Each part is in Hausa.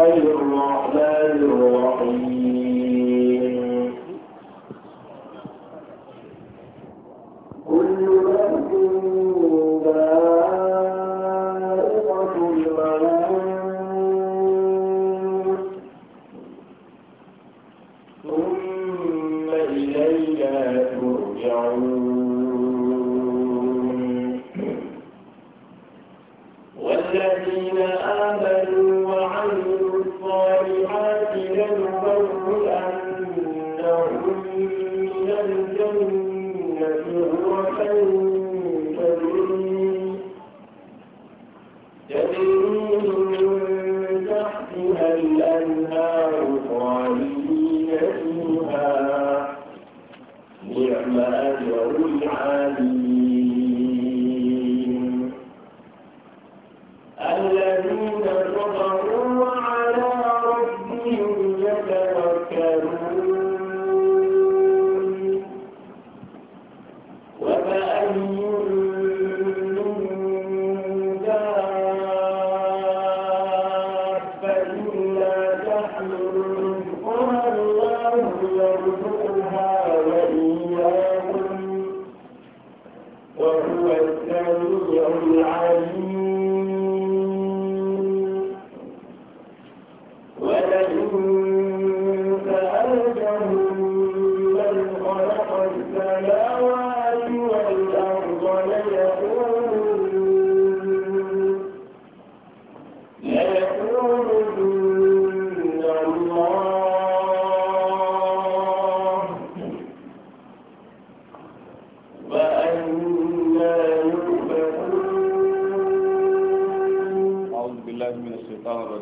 الرحمن الرحيم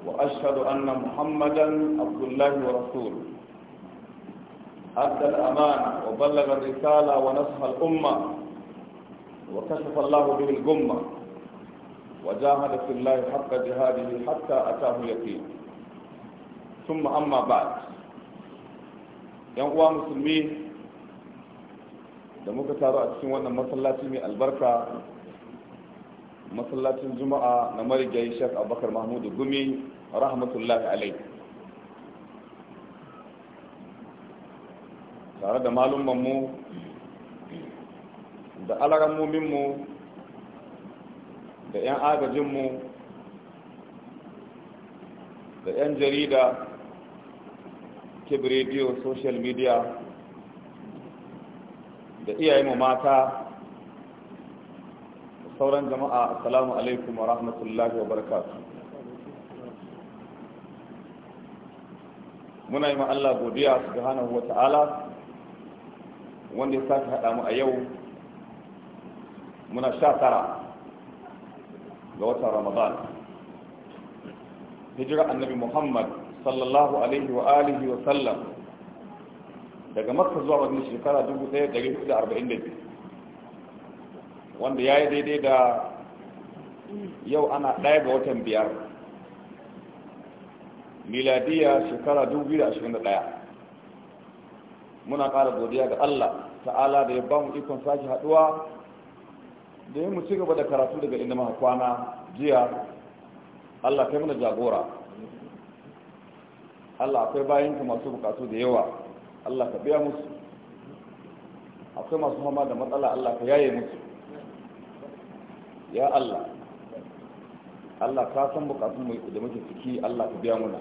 وأشهد أن محمدا عبد الله ورسوله أدى الأمانة وبلغ الرسالة ونصح الأمة وكشف الله به الغمة وجاهد في الله حق جهاده حتى أتاه اليقين ثم أما بعد ينقوى مسلمين da muka taru a cikin wannan masallaci mai albarka masallacin juma'a na marigayi shek abubakar mahmudu gumi rahmatullahi alai tare da mu da alarammominmu da 'yan agajinmu da 'yan jarida kib radio social media da iyayenmu mata da sauran jama'a assalamu alaikum wa rahmatullahi wa barakatuh muna yi Allah godiya subhanahu wa ta'ala wanda ya sake haɗa mu a yau muna sha tara ga watan ramadan hijira annabi muhammad sallallahu alaihi wa alihi wa sallam daga makka zuwa wani shekara 1442 wanda ya yi daidai da yau ana ɗaya ga watan biyar miladiya shekara 2021 muna ƙara godiya ga Allah ta'ala da ya ba mu ikon sake haduwa da mu ci gaba da karatu daga inda muka kwana jiya Allah kai mana jagora Allah akwai bayanka masu bukatu da yawa Allah ka biya musu akwai masu hama da matsala Allah ka yaye musu ya Allah Allah ka san bukatu mai da muke ciki Allah ka biya muna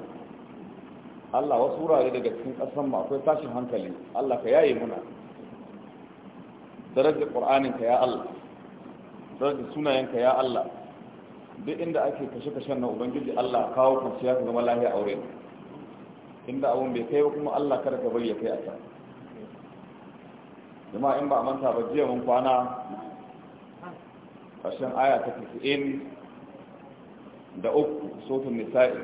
Allah wasu wurare daga cikin ƙasar mu akwai tashin hankali Allah ka yaye muna darajar Qur'anin ya Allah darajar sunayen ya Allah duk inda ake kashe-kashen na ubangiji Allah kawo kwanciya ka zama lahiya aure inda abun bai kai ba kuma Allah kada ka bari ya kai a can jama'a in ba a manta ba jiya mun kwana ƙarshen aya ta 90 da uku sotun nisa'i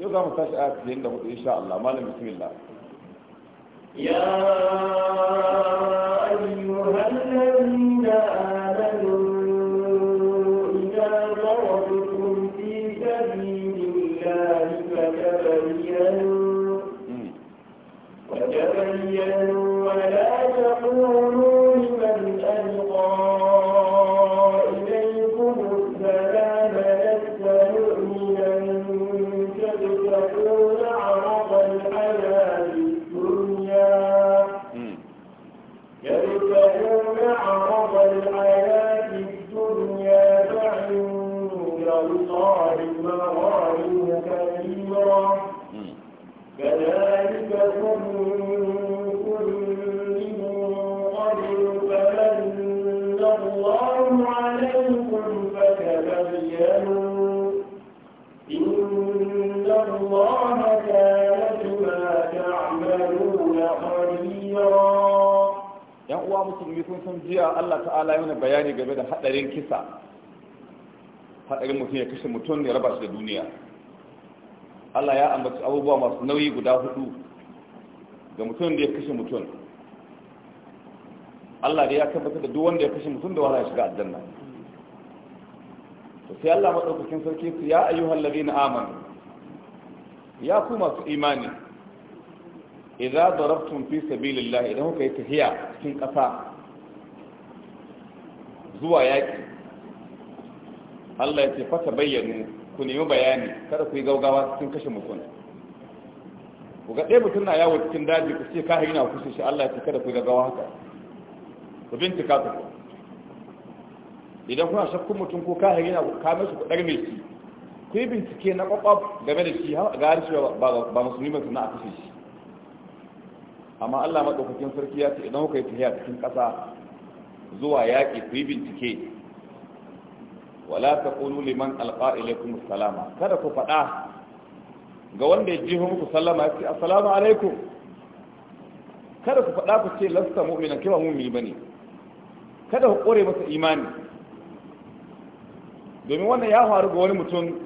yau za mu tashi a cikin da hudu insha Allah malam bismillah ya yan uwa musulmi kun san jiya Allah ta'ala yana bayani game da hadarin kisa hadarin mutum ya kashe mutum ya raba shi da duniya Allah ya ambaci abubuwa masu nauyi guda hudu ga mutum da ya kashe mutum Allah da ya tabbatar da duk wanda ya kashe mutum da wahala ya shiga aljanna to sai Allah madaukakin sarki ya ayyuhal ladina amanu ya ku masu imani idza darabtum fi sabilillah idan kuka yi tahiya cikin ƙasa zuwa yaki. Allah ya ce fata bayyana ku nemi bayani kada ku yi gaugawa cikin kashe mutum ku ga ɗaya mutum na yawo cikin daji ku ce kahi ku kushe shi Allah ya ce kada ku yi gaugawa haka ku bincika ku idan kuna shakkun mutum ko ka yana ku kame shi ku ɗarme shi ku yi bincike na kwakwab game da shi ga harshe ba musulmi mai suna a kashe shi amma allah maɗaukakin sarki ya ce idan kuka yi tafiya cikin ƙasa zuwa yaƙi ku yi bincike wala ta ƙunu liman alƙa ilaikum salama kada ku faɗa ga wanda ya jihun ku sallama ya ce assalamu alaikum kada ku faɗa ku ce lasta mu'minan kai ba mu'mini kada ku ƙore masa imani domin wannan ya faru ga wani mutum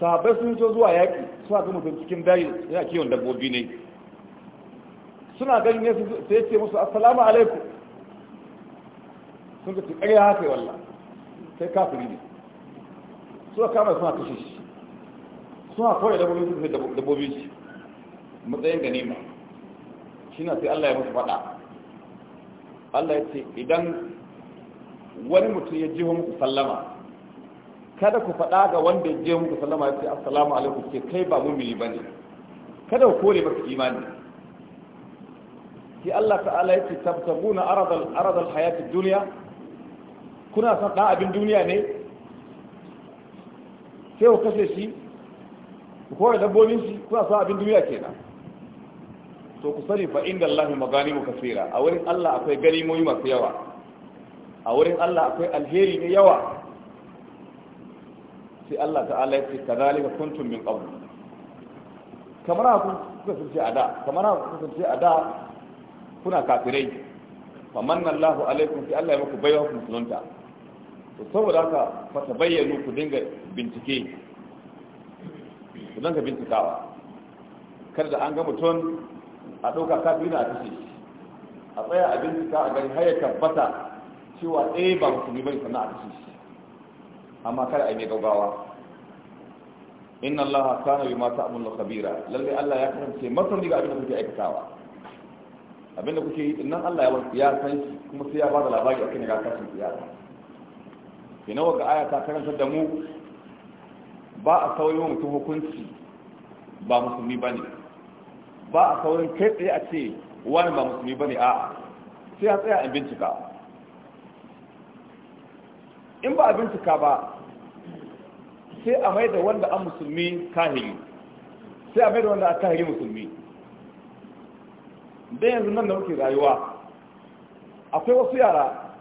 sahabai sun fito zuwa yaƙi suna ga mutum cikin dayi yana kiwon dabbobi ne suna ganin ne sai ce musu assalamu alaikum sun ce ƙarya haka yi walla sai kafiri ne suna kama suna kashe shi suna kawai dabbobi su kashe dabbobi shi matsayin ma shi na sai Allah ya musu faɗa Allah ya ce idan wani mutum ya jiho muku sallama kada ku faɗa ga wanda je muku sallama ya ce assalamu alaikum ke kai ba mumini bane kada ku kore maka imani ki Allah ta'ala ya ce tabtabuna aradal aradal hayati dunya kuna son dan abin duniya ne sai ku kashe shi ku kore dabbobin shi kuna son abin duniya kenan to ku sani fa inda Allah muka kasira a wurin Allah akwai ganimomi masu yawa a wurin Allah akwai alheri ne yawa sai Allah ta'ala ya ce kadhalika kuntum min qabl kamar haka kuka kasance a da kamar haka kuka kasance a da kuna kafirai fa manna Allahu alaikum sai Allah ya muku baiwa ku musulunta to saboda haka fa tabayyanu ku dinga bincike ku dinga bincikawa kada an ga mutum a ɗauka kafiri na a kashe shi a tsaya a bincika a gani har ya tabbata cewa ɗaya eh, ba musulmi bane sannan a kashe shi amma kada a yi mai gaugawa inna allaha kana bima ta'maluna khabira lalle Allah ya kasance masani ga abin da kuke aikatawa abin da kuke yi din nan Allah ya bar ya san shi kuma sai ya ba da labari akan ga kasu kiyama kina ga aya ta karanta da mu ba a mu mutum hukunci ba musulmi bane ba a saurin kai tsaye a ce wani ba musulmi bane a'a sai a tsaya in bincika in ba a bincika ba sai a mai da wanda an musulmi kahiri sai a mai da wanda a kahiri musulmi don yanzu nan da muke rayuwa akwai wasu yara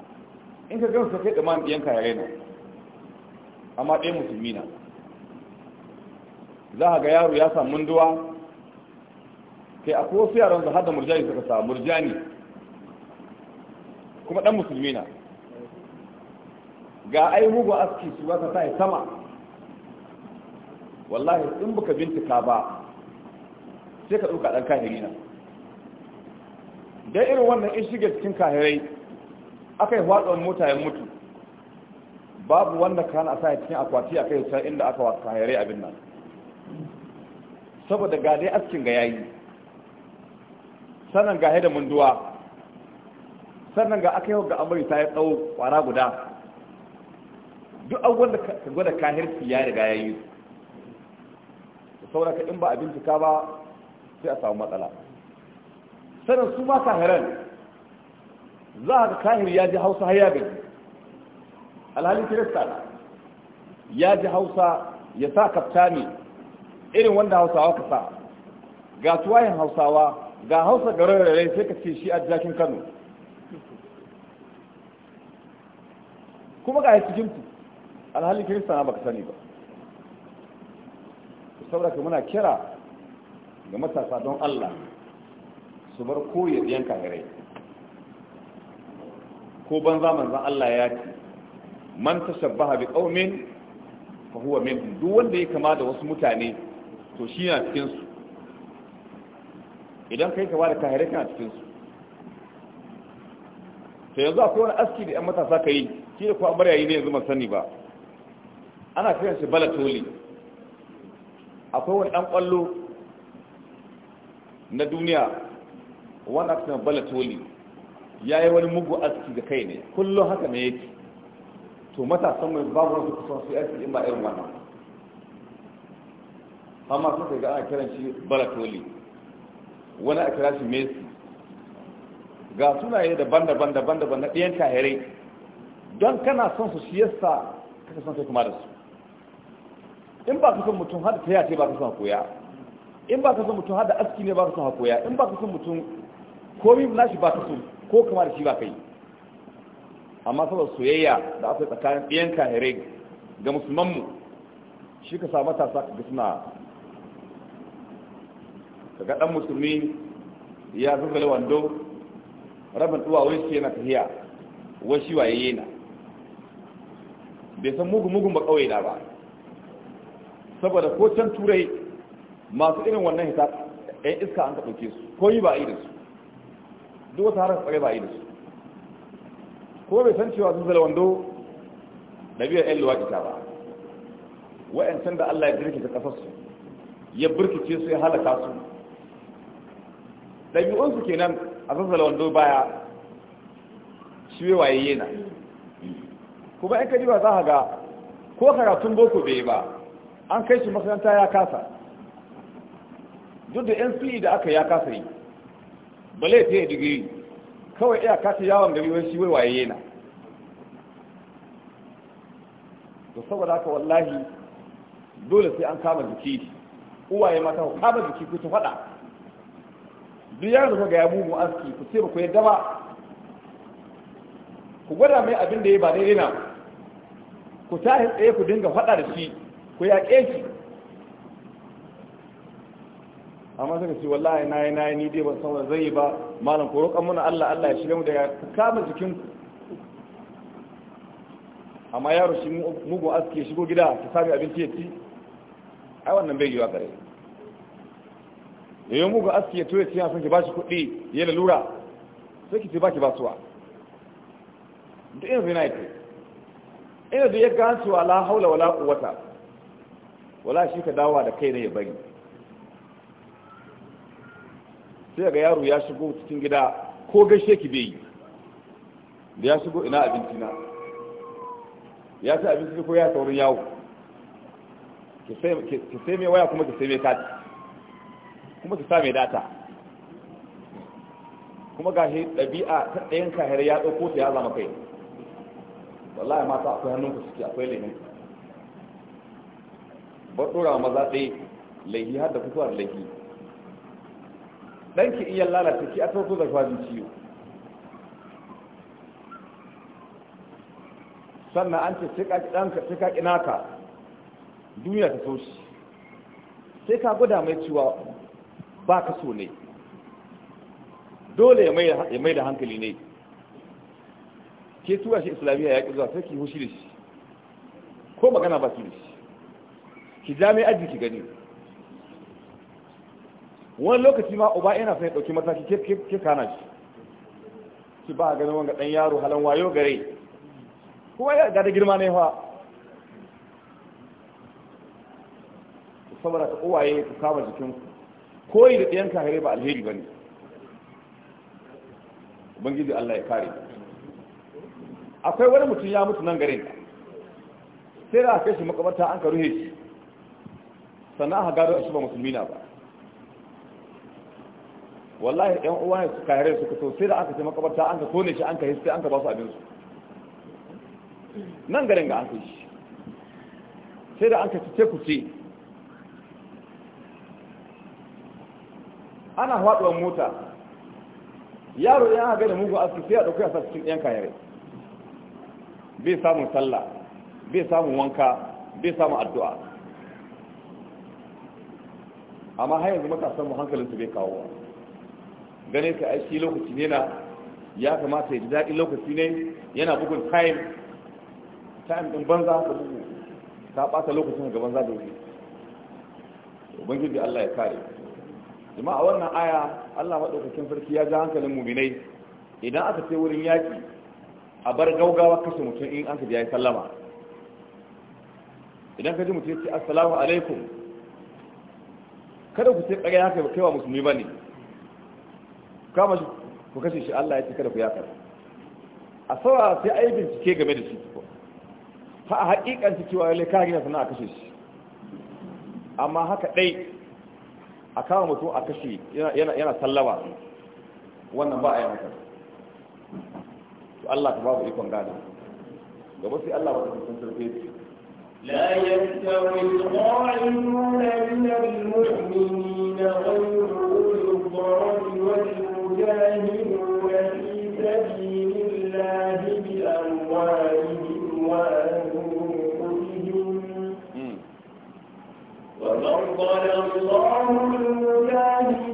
in ka gansu kai ɗaman ɗiyan kayare na amma ɗaya musulmi na za a ga yaro ya samu munduwa kai akwai wasu yaran da hada murjani suka samu murjani kuma ɗan musulmi na ga ai mugun aski su ta sa sama wallahi in baka bincika ba sai ka ɗauka ɗan kahiri na dai irin wannan in shiga cikin kahirai aka yi watsan mota ya mutu babu wanda ka hana sa cikin akwati a kai can inda aka watsa kahirai abin nan saboda ga dai askin ga yayi sannan ga da munduwa sannan ga aka yi ga amurka ta yi tsawo kwara guda duk abubuwan da ka gwada kahirci ya riga ya yi sauraka in ba a bincika ba sai a samu matsala sanin su ma kahiran za a ga kahir ya ji hausa har ya alhalin kirista ya ji hausa ya sa kafta ne irin wanda hausawa ka sa ga tuwayen hausawa ga hausa gararare sai ka ce shi a jakin kano kuma ga ya cikin alhalin kirista na baka sani ba saboda muna kira ga matasa don Allah su bar koyi yan kafirai ko ban zaman zan Allah ya ce man tashabbaha bi qaumin fa huwa min. duk wanda ya kama da wasu mutane to shi na cikin su idan kai kama da kafirai kana cikin su to yanzu akwai wani aski da yan matasa kai shi da kuwa bar yayi ne yanzu ban sani ba ana kiran shi balatoli akwai wani ɗan ƙwallo na duniya wani bala balatoli ya yi wani mugu aski ga kai ne kullum haka ne yake to matasan mai babu wani kusan su yaki in ba irin wannan amma suka ga ana kiran shi balatoli wani a kira shi messi ga sunaye daban-daban daban-daban na ɗiyan kahirai don kana son su shi yasa kaka son sai kuma da su in ba ka son mutum hada ta yace ba ka son koya in ba ka son mutum hada aski ne ba ka son koya in ba ka son mutum komi na shi ba ka son ko kama da shi ba kai amma saboda soyayya da aka tsakanin ɗiyan kahere ga musulman mu shi ka sa matasa ka suna ka ga ɗan musulmi ya zuzale wando rabin duwawai shi yana tafiya wai shi waye yana bai san mugun mugun ba kawai na ba saboda ko can turai masu irin wannan hita ɗan iska an ɗauke su ko yi ba a yi da su duk wata harar tsare ba a yi da su ko bai san cewa sun zala wando biyar ƴan luwaƙi ta ba can da Allah ya birki ta su ya birkice su ya halaka su ɗabi'unsu kenan a zazzala wando baya shi waye yana kuma in ka ba za ka ga ko karatun boko bai ba an kai shi makaranta ya kasa duk da fili da aka ya kasa yi bale ta yi digiri kawai iya kasa yawon gari wani shi waye na Da saboda haka wallahi dole sai an kama jiki uwaye mata ku kama jiki ku ta faɗa duk yaron da ga yabu mu aski ku ce ba ku yadda ba ku gwada mai abin da ya ba daidai na ku tashi tsaye ku dinga faɗa da shi ku yaƙe shi amma suka ce wallahi na yi na yi ni dai ban san wanda zai yi ba malam ku roƙon muna Allah Allah ya shirya mu daga ku kama jikin ku amma yaro shi mugun aski ya shigo gida ki sami abinci ya ci ai wannan bai wa kare. yayin mugun aski ya toye ci ya ke ba shi kuɗi ya lalura sai ki ce ba baki basuwa duk yanzu yana yi ina da ya gansu ala haula wala quwwata wala shi ka dawa da kai ne ya bari sai ga yaro ya shigo cikin gida ko gaishe ki bai yi da ya shigo ina abinci na ya ci abinci ko ya saurin yawo ki sai mai waya kuma ki sai mai kati kuma ki sa mai data kuma ga shi ɗabi'a ta ɗayan kahira ya ɗauko ta ya zama kai wallahi mata akwai hannunku suke akwai lemin bar dora maza ɗaya laihi har da fitowa da laihi ɗanki iya lalata ki a farko zarfa bin ciwo sannan an ce sai ka ƙinaka duniya ta so sai ka gwada mai ciwa ba ka so ne dole ya mai da hankali ne ke tura shi islamiyya ya ƙi zuwa sai ki hushi da shi ko magana ba su da shi ki ja mai aji ki gani wani lokaci ma uba yana son ya mataki ke kana shi ki ba ganin wanga ɗan yaro halan wayo gare kuma ya ga da girma ne fa saboda ka uwaye ku kama jikinku koyi da ɗiyan kare ba alheri ba ne ubangiji Allah ya kare akwai wani mutum ya mutu nan garin sai da aka shi makabarta an ka ruhe shi sannan aka gado a shi ba musulmi na ba wallahi yan uwa ne suka yare suka so sai da aka ce makabarta an ka tone shi an ka hiske an ka ba su abin su nan garin ga an kai shi sai da an ka ce ku ce ana haɗuwar mota yaro ya haɗu da mugu aski sai ya ɗauki a cikin yan kayare bai samun sallah bai samun wanka bai samun addu'a amma har yanzu matasan mu hankalinsu su bai kawo ganin ka aiki lokaci ne na ya kamata ya ji daɗin lokaci ne yana bugun time time ɗin banza ka bugu ta ɓata lokacin ga banza da wuri ubangiji Allah ya kare jama'a wannan aya Allah madaukakin sarki ya ji hankalin muminai idan aka ce wurin yaki a bar gaugawa kashe mutum in an ka ji ya yi sallama idan ka ji mutum ya ce assalamu alaikum kada ku ce ƙarya haka ba kaiwa musulmi ba ne kama shi ku kashe shi Allah ya ce kada ku yaka a sawa sai a yi bincike game da shi ha a haƙiƙan shi cewa yalle ka gina sana a kashe shi amma haka dai a kama mutum a kashe yana sallama wannan ba a yi haka to Allah ka babu ikon gada gaba sai Allah ba ta kusan sarfe لا يستوي القائمون من المؤمنين غير أولي الضرر والمجاهدون في سبيل الله بأموالهم وأنفسهم وفضل الله المجاهدين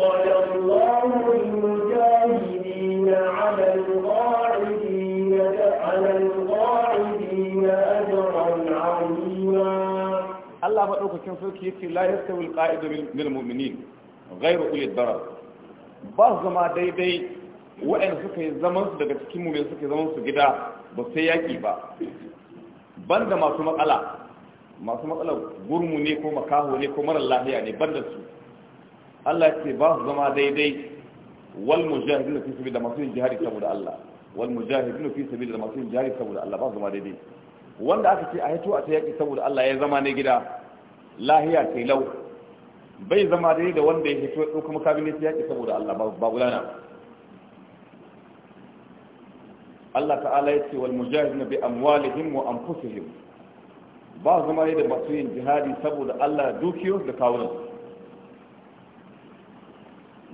فضل الله المجاهدين على القاعدين على القاعدين أجرا عظيما الله مدعوك لا يستوي القائد من المؤمنين غير أولي الضرر بعض ما دي دي suka yi zamansu daga cikin mu suka yi zamansu gida ba sai yaƙi ba banda masu matsala masu matsala gurmu ne ko makaho ne ko marar lahiya ne banda su Allah ce ba su zama daidai wal mujahidin fi sabili da masu yin jihari saboda Allah wal mujahidin fi sabili da masu yin jihari saboda Allah ba su zama daidai wanda aka ce a hito a ta yaƙi saboda Allah ya zama ne gida lahiya kai lau bai zama daidai da wanda ya hito ya ɗauka kabin ya yaƙi saboda Allah ba gudana Allah ta'ala ya ce wal mujahidin bi amwalihim wa anfusihim ba su zama daidai masu yin jihadi saboda Allah dukiyoyi da kawunan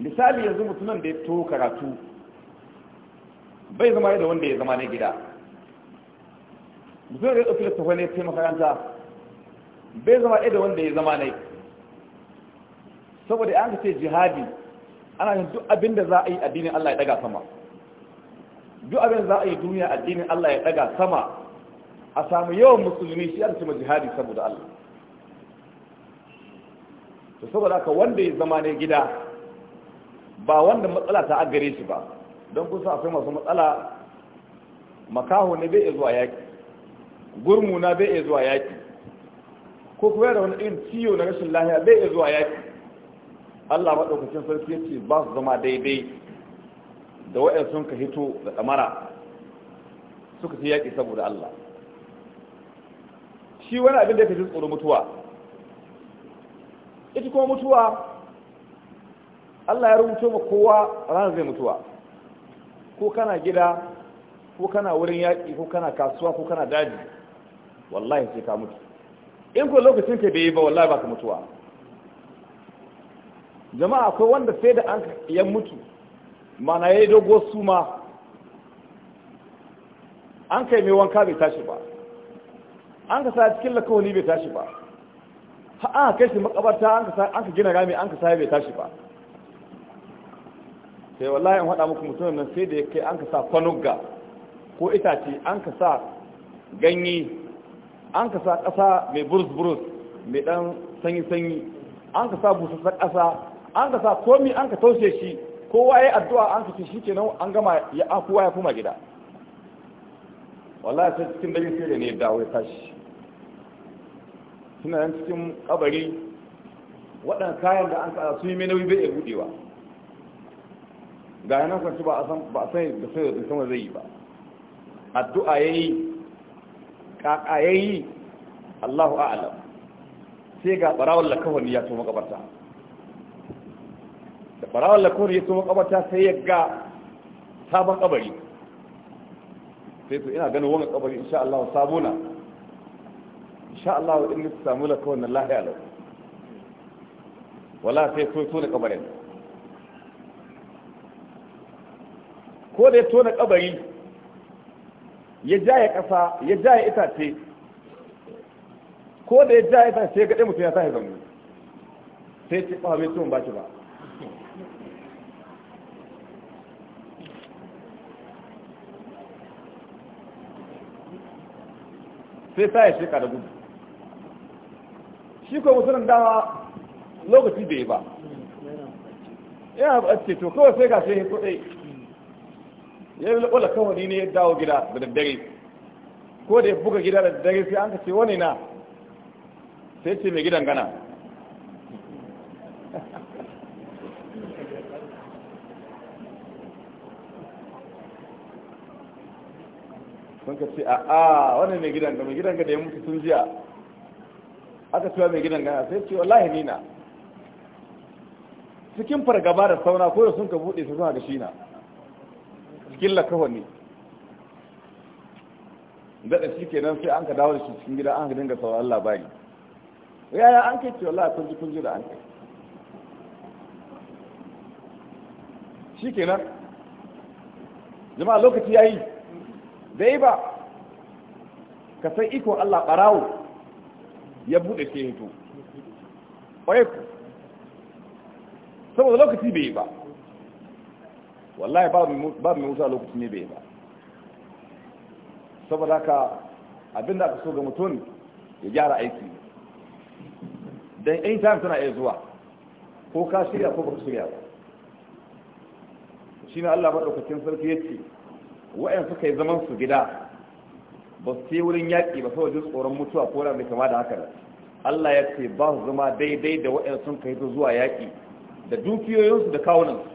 misali yanzu mutumin da ya to karatu bai zama da wanda ya zama na gida mutumin da ya ɗauki littafa ne sai makaranta bai zama da wanda ya zama na saboda an ce jihadi ana yin duk abin da za a yi addinin Allah ya daga sama duk abin da za a yi duniya addinin Allah ya daga sama a samu yawan musulmi shi aka ce jihadi saboda Allah to saboda haka wanda ya zama ne gida ba wanda matsala ta agare shi ba don kusa akwai masu matsala makaho ne bai zuwa yaki gurmu na bai zuwa yaki ko kuma da wani irin ciwo na rashin lahiya bai zuwa yaki Allah maɗaukacin sarki ya ba su zama daidai da wa'yan sun ka hito da kamara, suka fi yaƙi saboda Allah shi wani abin da ya fi tsoro mutuwa ita kuma mutuwa Allah ya rubuto ma kowa ranar zai mutuwa ko kana gida ko kana wurin yaƙi ko kana kasuwa ko kana daji wallahi sai ka mutu in ko lokacin ka bai yi ba wallahi ba ka mutuwa jama'a akwai wanda sai da an ya mutu mana ya yi dogo suma an kai mai wanka bai tashi ba an ka sa cikin lakawani bai tashi ba ha'a kai shi makabarta an ka gina rami an ka sa bai tashi ba sai wallahi an hada muku mutumin nan sai da ya kai an ka sa kwanugga ko itace an ka sa ganye an ka sa ƙasa mai burus-burus mai ɗan sanyi-sanyi an ka sa busassar ƙasa an ka sa komi an ka taushe shi kowa ya addu'a an ka ce shi nan an gama ya kowa ya kuma gida wallahi sai cikin dare sai da ne ya dawo ya tashi suna yan cikin kabari waɗanda kayan da an ka su yi mai nauyi bai iya budewa ga yanar kwanci ba a san da sai da sama zai yi ba addu'a ya yi ƙaƙa ya yi allahu a'alam sai ga ɓarawar lakawar ya so makabarta da ɓarawar lakawar ya so makabarta sai ya ga sabon kabari sai to ina ganin wani kabari insha Allah sabuna, insha Allah in samu lakawar na lahiya lau wala sai so so na kabarin ko da ya tona kabari ya ya kasa ya jaya itace ko da ya jaya itace ya gaɗe mutum ya sa ya zamu sai ce ba mai tun baki ba sai sa ya sheka da gudu shi ko musulun dama lokaci bai ba ya ba ce to kawai sai ga sai ya kudai ya wala kawai ne ya dawo gida da daddare ko da ya buga gida da daddare sai an ka ce wani na sai ce mai gidan gana sun ka ce a'a wani mai gidan gana mai gidan gana ya mutu sun jiya aka cewa mai gidan gana sai ce wallahi nina cikin fargaba da sauna ko da sun ka buɗe su suna ga shi na killa kawa ne daɗa shi kenan sai an ka dawo da shi cikin gida an ka dinga sauran labari yaya an kai ce wallahi kun ji kun ji da an kai shi kenan jama'a lokaci yayi yi ba ka san iko Allah barawo ya bude ke hito ƙwaye ku saboda lokaci bai yi ba wallahi ba mai wuta lokacin ne bai ba saboda haka abinda aka so ga mutum ya gyara aiki don anytime tana iya zuwa ko ka shirya ko ba shirya ba shi ne allah maɗaukakin sarki ya ce wa'yan suka yi zaman su gida ba su yi wurin yaƙi ba saboda tsoron mutuwa ko da kama da haka allah ya ce ba su zama daidai da wa'yan sun kai zuwa yaƙi da dukiyoyinsu da kawunansu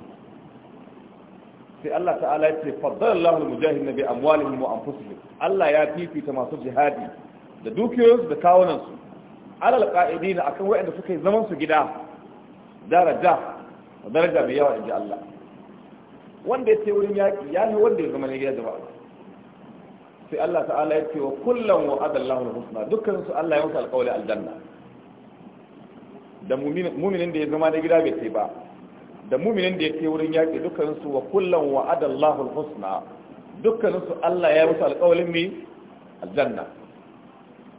sai Allah ta'ala ya ce faddalallahu mujahid nabi amwalihim wa anfusihim Allah ya fifita masu jihadi da dukiyoyinsu da kawunan su alal qa'idina akan waɗanda suka yi zaman su gida daraja daraja mai yawa inji Allah wanda ya ce wurin yaƙi ya ne wanda ya zama ne gida jama'a sai Allah ta'ala ya ce wa kullum wa adallahu al-husna dukkan su Allah ya musu alƙawli aljanna da mu'minin da ya zama da gida bai sai ba da muminin da ya ke wurin yaƙi dukkaninsu wa kullum wa adallahu alhusna dukkaninsu Allah ya yi musu alƙawalin mi aljanna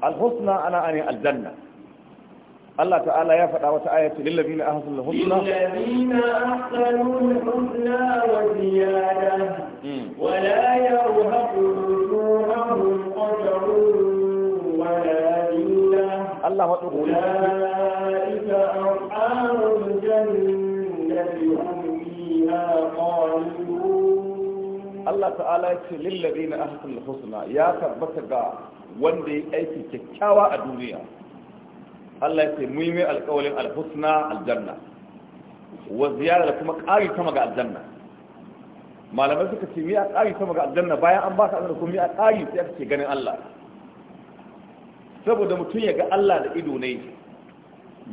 alhusna ana ane aljanna Allah ta'ala ya faɗa wata ayatu lillazina ahsanu alhusna a ahsanu alhusna wa ziyada hmm. wa la yarhaqu wujuhahum qatarun wa la dhillah Allah wa Allah ta'ala ya ce lillazina ahsanul husna ya tabbata ga wanda ya aiki kyakkyawa a duniya Allah ya ce mun mai alƙawalin alhusna aljanna wa ziyara da kuma ƙari sama ga aljanna malamai suka ce a ƙari sama ga aljanna bayan an ba ka azara kuma a ƙari sai aka ce ganin Allah saboda mutum ya ga Allah da ido ne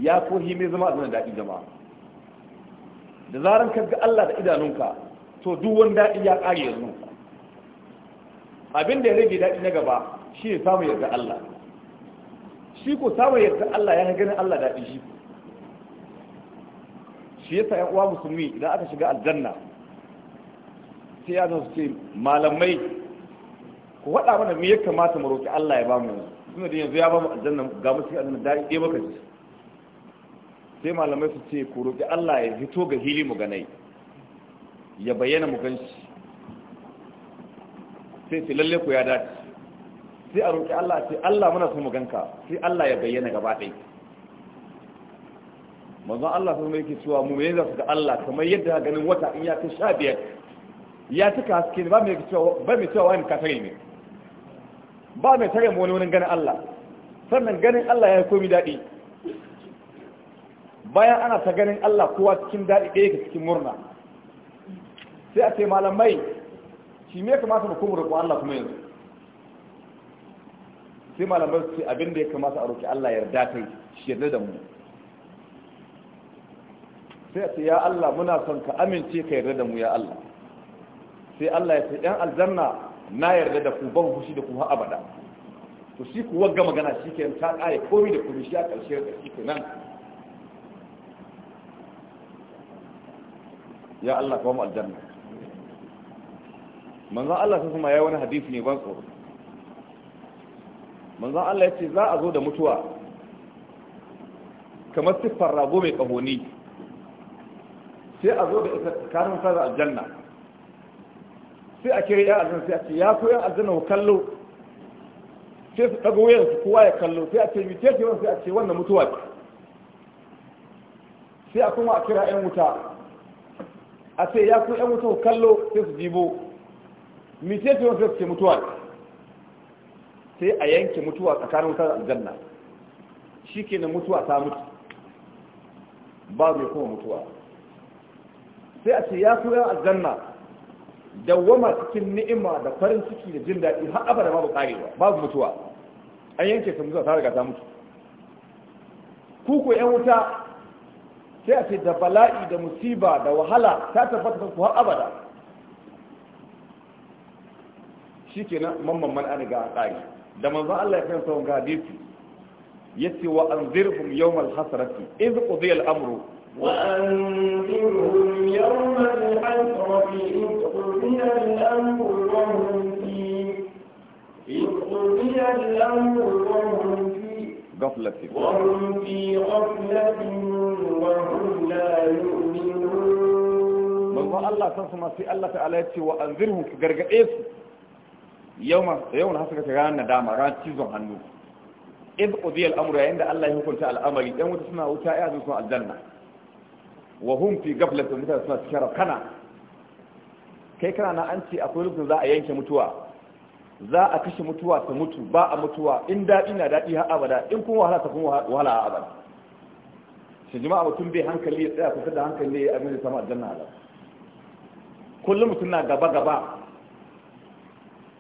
ya kohi mai zama aljanna daɗi jama'a da zaran ka ga Allah da idanunka to duk daɗi ya ƙare yanzu abin da ya rage daɗi na gaba shi ne samun yarda Allah shi ko samun yarda Allah ya ganin Allah daɗi shi shi ya sa uwa musulmi idan aka shiga aljanna sai ya su ce malamai ku haɗa mana me ya kamata mu roƙi Allah ya ba mu suna da yanzu ya ba mu aljanna ga musu cikin aljanna daɗi ɗaya maka ji sai malamai su ce ku roƙi Allah ya fito ga hili mu ganai ya bayyana mu sai ce lalle ku ya dace sai a roƙi Allah ce Allah muna so mu sai Allah ya bayyana gaba ɗaya manzon Allah sun ke cewa mu yanzu su ga Allah kamar yadda ganin wata in ya fi sha biyar ya cika haske ba mai cewa ba mai cewa wani ka tare ne ba mai tare mu wani wurin ganin Allah sannan ganin Allah ya komi daɗi bayan ana ta ganin Allah kowa cikin daɗi ɗaya ga cikin murna sai a ce malamai shi me kamata mu kuma roƙo Allah kuma yanzu sai malamai su ce abin da ya kamata a roƙi Allah yarda kai shi yarda da mu sai a ce ya Allah muna son ka amince ka yarda da mu ya Allah sai Allah ya ce ɗan aljanna na yarda da ku ban fushi da ku har abada to shi ku wagga magana shi ke ta ƙare komai da kuma shi a ƙarshe da shi nan ya Allah kuma mu aljanna manzan Allah sun kuma ya wani hadisi ne ban tsoro manzan Allah ce za a zo da mutuwa kamar siffar rago mai ƙahoni sai a zo da ita karin sa da aljanna sai a kira ya aljanna sai a ce ya so ya aljanna ku kallo sai su dago wayar su kowa ya kallo sai a ce mi ce wani sai a ce wannan mutuwa ce sai a kuma a kira yan wuta a ce ya ku yan wuta ku kallo sai su jibo mice ce wanda suke mutuwa sai a yanke mutuwa tsakanin wutar aljanna shi na mutuwa ta mutu ba mai kuma mutuwa sai a ce ya fi yan aljanna dawwama cikin ni'ima da farin ciki da jin daɗi har abada babu ba, babu mutuwa an yanke ta mutuwa ta daga ta mutu kuku yan wuta sai a ce da bala'i da musiba da wahala ta tabbata ku har abada shikenan mamman man an ga tsari da manzo Allah ya kansa wanga hadisi yace wa anzirhum yawm al-hasrati idh qudiya al-amru wa anzirhum yawm al-hasrati idh qudiya al-amru wa hum fi idh qudiya al-amru wa hum fi ghaflatin wa hum fi ghaflatin wa hum la yu'minun manzo Allah sansa ma sai Allah ta'ala yace wa anzirhum gargade su yawma da yawma haska ta ranar nadama ran cizon hannu in qudi al-amru yayin da Allah ya hukunta al'amari dan wuta suna wuta ya zo suna aljanna wa hum fi ghaflatin mutane suna cikin kana kai kana na an ce akwai rukun za a yanke mutuwa za a kashe mutuwa ta mutu ba a mutuwa in daɗi na daɗi har abada in kuma wahala ta kuma wahala a abada shi jima'a mutum bai hankali ya tsaya kusa da hankali ya yi abin da sama aljanna kullum mutum na gaba gaba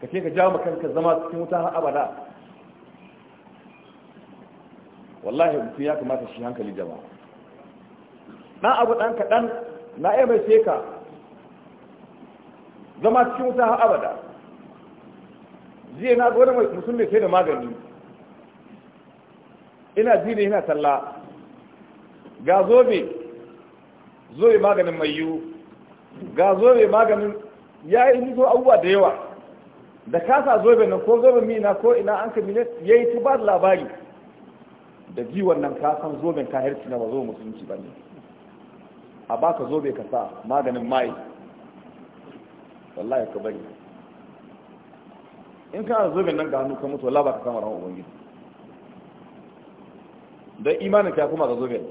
ka ce ka jawo kanka zama cikin wuta har abada wallahi mutum ya kamata shi hankali jama'a Na abu dan kaɗan na iya mai ka zama cikin wuta har abada jiya na gode mai ne sai da magani ina ji da ina talla ga zobe zobe maganin mai yiwu ga zobe maganin ya yi nizo abubuwa da yawa da kasa zobe nan ko zobe mina ko ina an ka mine ya yi ta ba da labari da ji wannan kasan ka harci na ba zo musulunci ba ne a baka zobe ka sa maganin mai wallahi ka bari in kana zobe nan ga hannu ka mutu wallahi baka ka kama rahon ubangiji don imanin ka kuma ga zobe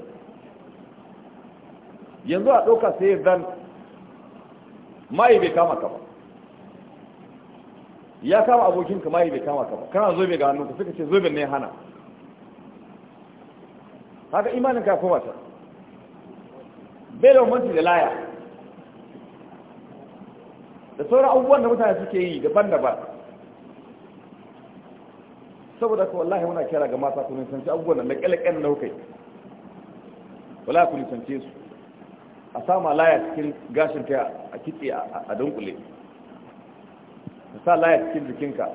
yanzu a ɗauka sai zan mai bai kama ka ba ya kama abokin ka mai bai kama ka ba kana zobe ga hannunka suka ce zoben ne hana haka imanin ka koma ta bai da da laya da sauran abubuwan da mutane suke yi daban-daban saboda ka wallahi muna kira ga mata ku nisanci abubuwan da na na naukai wala ku sanci su a sama laya cikin gashin ta a kitse a dunkule ka sa laya cikin jikinka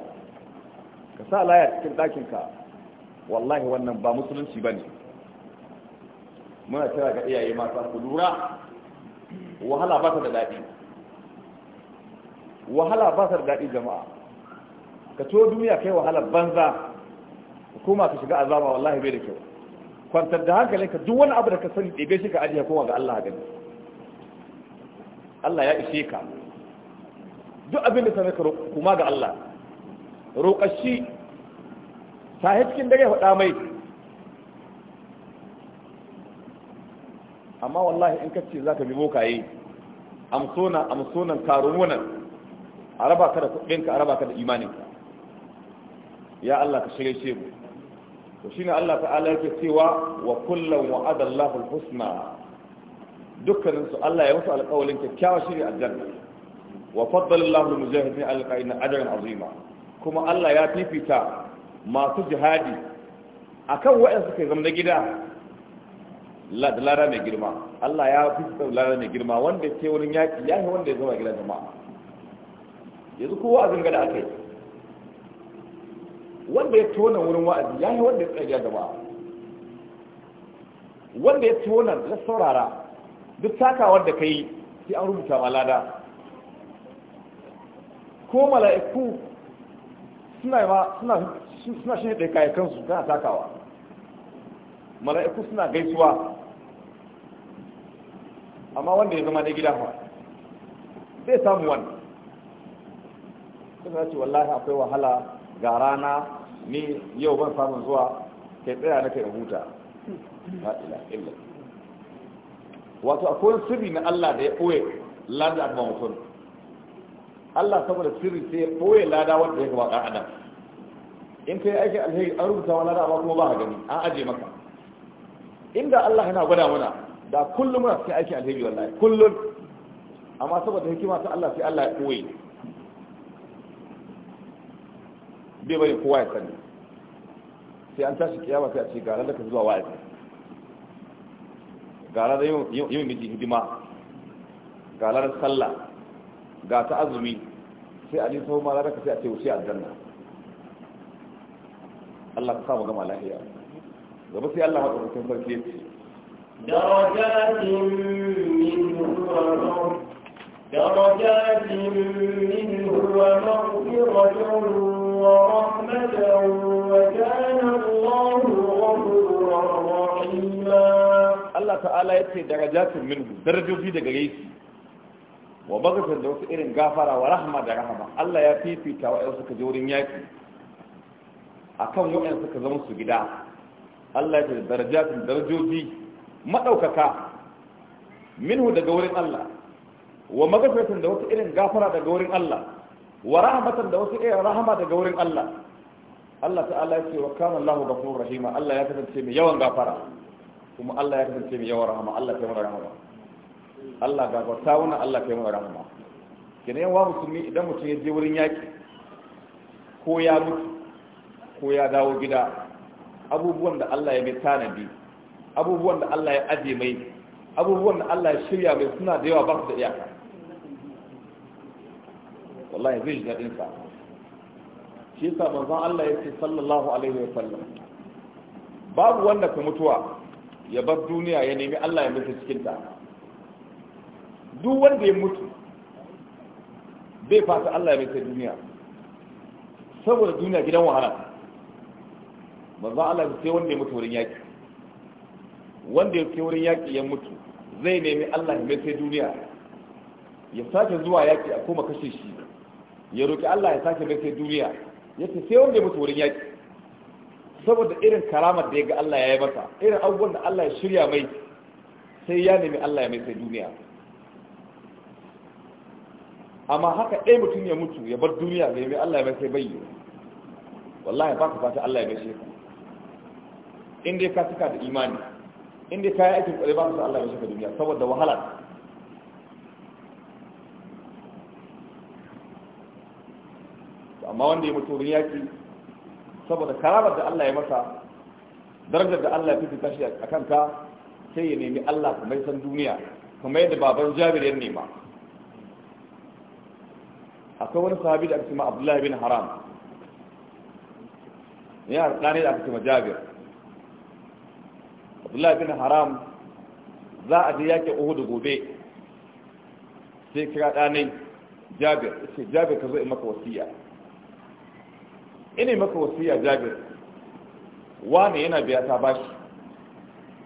ka sa laya cikin ɗakinka wallahi wannan ba musulunci ba ne muna kira ga iyaye mata ku lura wahala ba ta da daɗi wahala ba ta da daɗi jama'a ka to duniya kai wahala banza hukuma ka shiga azaba wallahi bai da kyau kwantar da hankali ka duk wani abu da ka sani ɗebe shi ka ajiye kowa ga Allah gani Allah ya ishe ka duk abin da sanaka kuma ga Allah roƙar shi sahi cikin dare faɗa mai amma wallahi in kace za ka bi bokaye amsona amsonan karumunan a raba ka da kuɗinka a raba ka da imaninka ya Allah ka shirye shi mu to ne Allah ta'ala yake cewa wa kullum wa'ada Allahu al-husna dukkanin Allah ya musu alƙawarin kyakkyawa shiri aljanna wa faddala Allah da mujahidin al-qa'ina azima kuma Allah ya fifita masu jihadi akan waɗanda suka zama na gida da lara mai girma Allah ya fifita lara mai girma wanda ke wurin yaki ya wanda ya zama gida jama'a yanzu kowa a zanga da aka yi wanda ya tona wurin wa'azi ya yi wanda ya tsaya jama'a wanda ya tona da saurara duk takawar da ka yi sai an rubuta ma lada ko mala'iku suna ma suna suna shi da kan su kana takawa mala'iku suna gaisuwa amma wanda ya zama da gida fa sai samu wani kuma ce wallahi akwai wahala ga rana ni yau ban samun zuwa kai tsaya na kai rubuta la ilaha illa wato akwai sirri na Allah da ya koye landa abban mutum Allah saboda sirri sai ya ɓoye lada wanda ya gaba ɗan adam in kai yi aikin alheri an rubuta wa lada amma kuma ba a gani an aje maka inda Allah yana gwada mana da kullum muna cikin aikin alheri wallahi kullum amma saboda hikima ta Allah sai Allah ya ɓoye bai bari kowa ya sani sai an tashi kiyama sai a ce ga da ka zuwa wa'azi gara da yin miji hidima ga da sallah ga ta azumi sai a nisa ma za ka sai a ce wuce aljanna Allah ka samu gama lahiya gaba sai Allah haka cikin farke ce darajatin minhu darajatin minhu wa maghfiratun wa rahmatan wa kana Allahu ghafurur rahima Allah ta'ala yace darajatin minhu darajoji daga gare wa magatar da wasu irin gafara wa rahama da rahama Allah ya fifita wa yau suka je wurin yaki akan waɗanda suka zama su gida Allah ya ce darajatin darajoji maɗaukaka. minhu daga wurin Allah wa magatar da wasu irin gafara daga wurin Allah wa rahmatan da wasu irin rahama daga wurin Allah Allah ta'ala ya ce wa kana Allahu ghafurur rahima Allah ya kasance mai yawan gafara kuma Allah ya kasance mai yawan rahama Allah ta yi rahama Allah gafarta wani Allah kai mara rahama kenan yan wa musulmi idan mutum ya je wurin yaki ko ya mutu ko ya dawo gida abubuwan da Allah ya mai tanadi abubuwan da Allah ya aje mai abubuwan da Allah ya shirya mai suna da yawa ba su da iyaka wallahi zai ji daɗin sa shi yasa manzon Allah ya ce sallallahu alaihi wa sallam babu wanda ka mutuwa ya bar duniya ya nemi Allah ya mutu cikin ta duk wanda ya mutu bai fata Allah ya mai sai duniya saboda duniya gidan wahala ba za Allah ya sai wanda ya mutu wurin yaki wanda ya sai wurin yaki ya mutu zai nemi Allah ya mai sai duniya ya sake zuwa yaki a koma kashe shi ya roƙi Allah ya sake mai sai duniya ya ce sai wanda ya mutu wurin yaki saboda irin karamar da ya ga Allah ya yi masa irin abubuwan da Allah ya shirya mai sai ya nemi Allah ya mai sai duniya amma haka ɗaya mutum ya mutu ya bar duniya ga yabi Allah ya mai sai bayyo wallahi ba ka fata Allah ya bai shi inda ya ka da imani inda dai ka aikin kware ba ka Allah ya bai shi duniya saboda wahala amma wanda ya mutu wurin yaki saboda karamar da Allah ya masa darajar da Allah ya fifita shi a kanka sai ya nemi Allah kuma ya san duniya kuma yadda baban Jabir ya nema akwai wani sahabi da aka ce abdullahi bin haram ya ɗane da aka cima jabir abdullahi bin haram za a je yaƙin uhudu gobe sai kira ɗanai jabir ce jabir ka zo in maka wasiya ina maka wasiya jabir wani yana biya ta bashi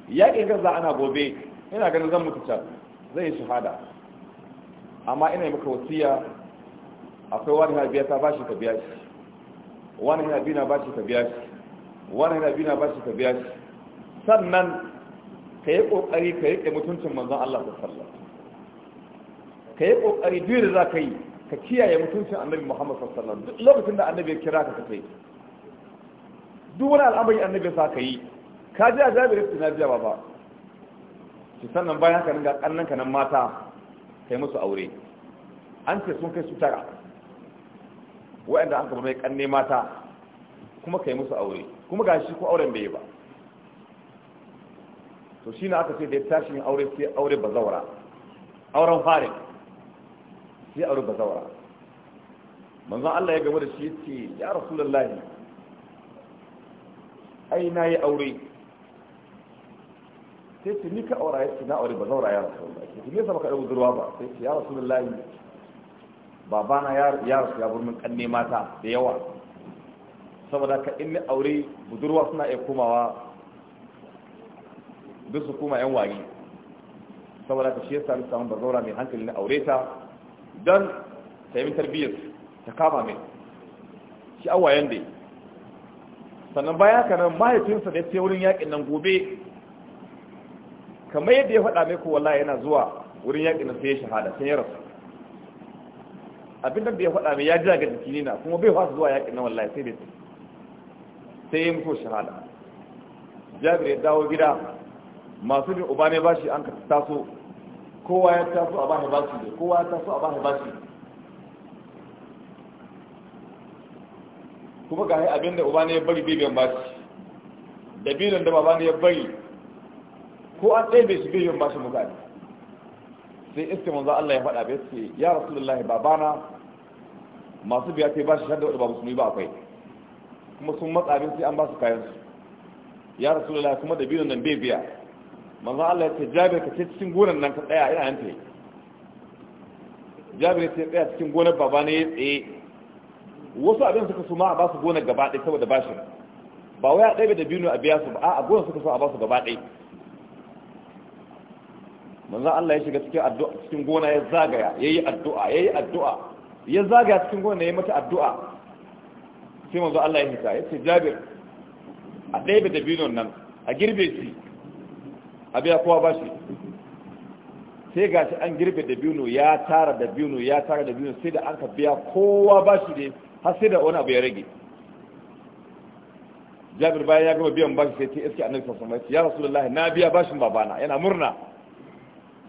yaƙin gaza ana gobe ina ganin zan mutu can zai yi shahada amma ina maka wasiya akwai wani yana ta bashi ka biya shi wani yana na bashi ka biya shi wani yana na bashi ka biya shi sannan ka yi kokari ka riƙe mutuncin manzon Allah sallallahu ka yi kokari duk da za ka yi ka kiyaye mutuncin annabi Muhammad sallallahu alaihi wasallam lokacin da annabi ya kira ka ka kai duk wani al'amari annabi sa ka yi ka ji a jami'ar na jiya baba, ki sannan bayan ka ga kannanka ka nan mata kai musu aure an ce sun kai su tara wa'anda an mai kanne mata kuma kai musu aure kuma ga shi ko auren bai ba to shi na aka ce da tashin aure sai aure bazawara auren fare sai aure bazawara manzon Allah ya gama da shi ce ya rasulullahi ai na yi aure sai ce ni ka aura ya ce na aure bazawara ya rasulullahi sai ce me yasa baka da budurwa ba sai ce ya rasulullahi babana ya rasu ya burmin kanne mata da yawa saboda ka inni aure budurwa suna iya komawa duk su kuma yan wari saboda ka shi ya sami samun bazaura mai hankali na aure ta don ta yi tarbiyyar ta kama mai shi an wayan dai sannan bayan ka nan mahaifinsa da ya wurin yakin nan gobe kamar yadda ya faɗa mai ko wallahi yana zuwa wurin yakin nan sai ya shahada sai ya rasu abin da bai faɗa mai ya jira ga jiki na kuma bai fasa zuwa yaƙin na wallahi sai dai sai ya mutu shahada jabir ya dawo gida masu bin uba ne bashi an ka taso kowa ya taso a bashi bashi ne kowa ya taso a bashi bashi kuma ga abin da uba ne ya bari bibiyan bashi dabilan da baba ne ya bari ko an ɗaya bai shi bibiyan bashi mutane sai iska manzo Allah ya faɗa bai ce ya rasulullahi babana masu biya ta ba shi da wadda babu musulmi ba akwai kuma sun matsa abin sai an ba su kayan su ya rasu da kuma da biyun nan bai biya manzan Allah ya ce jabir ka ce cikin gonan nan ka tsaya ina yanta ta yi jabir ya tsaya cikin gonar baba ne ya tsaye wasu abin suka su ma a ba su gonar gaba ɗaya saboda shi ba wai a ɗaya da biyun a biya su ba a gonar suka so a ba su gaba ɗaya manzan Allah ya shiga cikin addu'a cikin gona ya zagaya yi addu'a yi addu'a ya zagaya cikin gona ya mata addu'a sai mazu Allah ya hita ya ce jabir a ɗaya da binon nan a girbe shi a biya kowa ba shi sai ga shi an girbe da ya tara da ya tara da sai da an ka biya kowa ba shi ne har sai da wani abu ya rage jabir bayan ya gama biyan bashi sai ta iske annabi sassan mai ya ya rasulullahi na biya bashin babana yana murna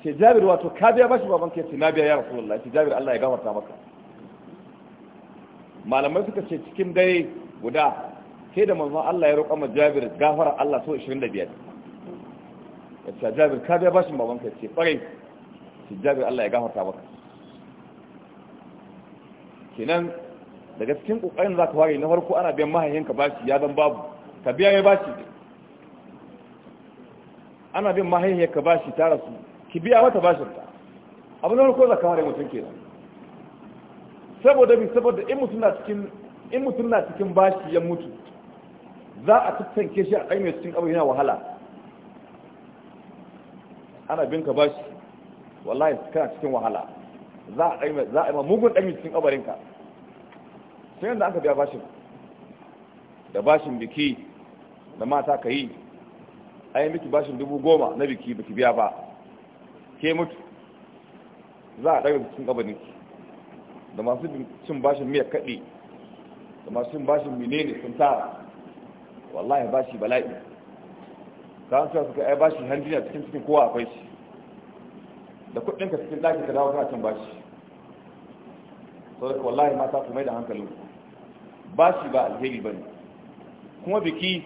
sai jabir wato ka biya bashin babanka ce na biya ya rasulullahi sai jabir Allah ya gafarta maka malamai suka ce cikin dare guda sai da manzon Allah ya roƙa ma gafara Allah so 25 ce Jabir ka biya bashin baban ka ce ɓarai shi Jabir Allah ya gafarta maka kenan daga cikin ƙoƙarin za ka ware na farko ana biyan mahaihinka bashi ya zan babu ka biya ya bashi ana bin mahaihiyarka bashi ta rasu ki biya mata bashin ta abin da farko ka ware mutum kenan saboda bi saboda in mutum na cikin in mutum na cikin bashi ya mutu za a tattanke shi a kai mai cikin abu yana wahala ana bin ka bashi wallahi kana cikin wahala za a kai za a yi mugun dami cikin ka sai yanda aka biya bashin da bashin biki da mata ka yi a yi miki bashin dubu goma na biki biki biya ba ke mutu za a ɗaga cikin ƙabarinki da masu cin bashin miya kaɗe da masu cin bashin menene sun tara wallahi bashi bala'i ta hansu suka ai bashi hanjina cikin cikin kowa akwai shi da kudinka cikin ɗaki ka dawo kana cin bashi sau wallahi mata ku mai da hankalin bashi ba alheri ba ne kuma biki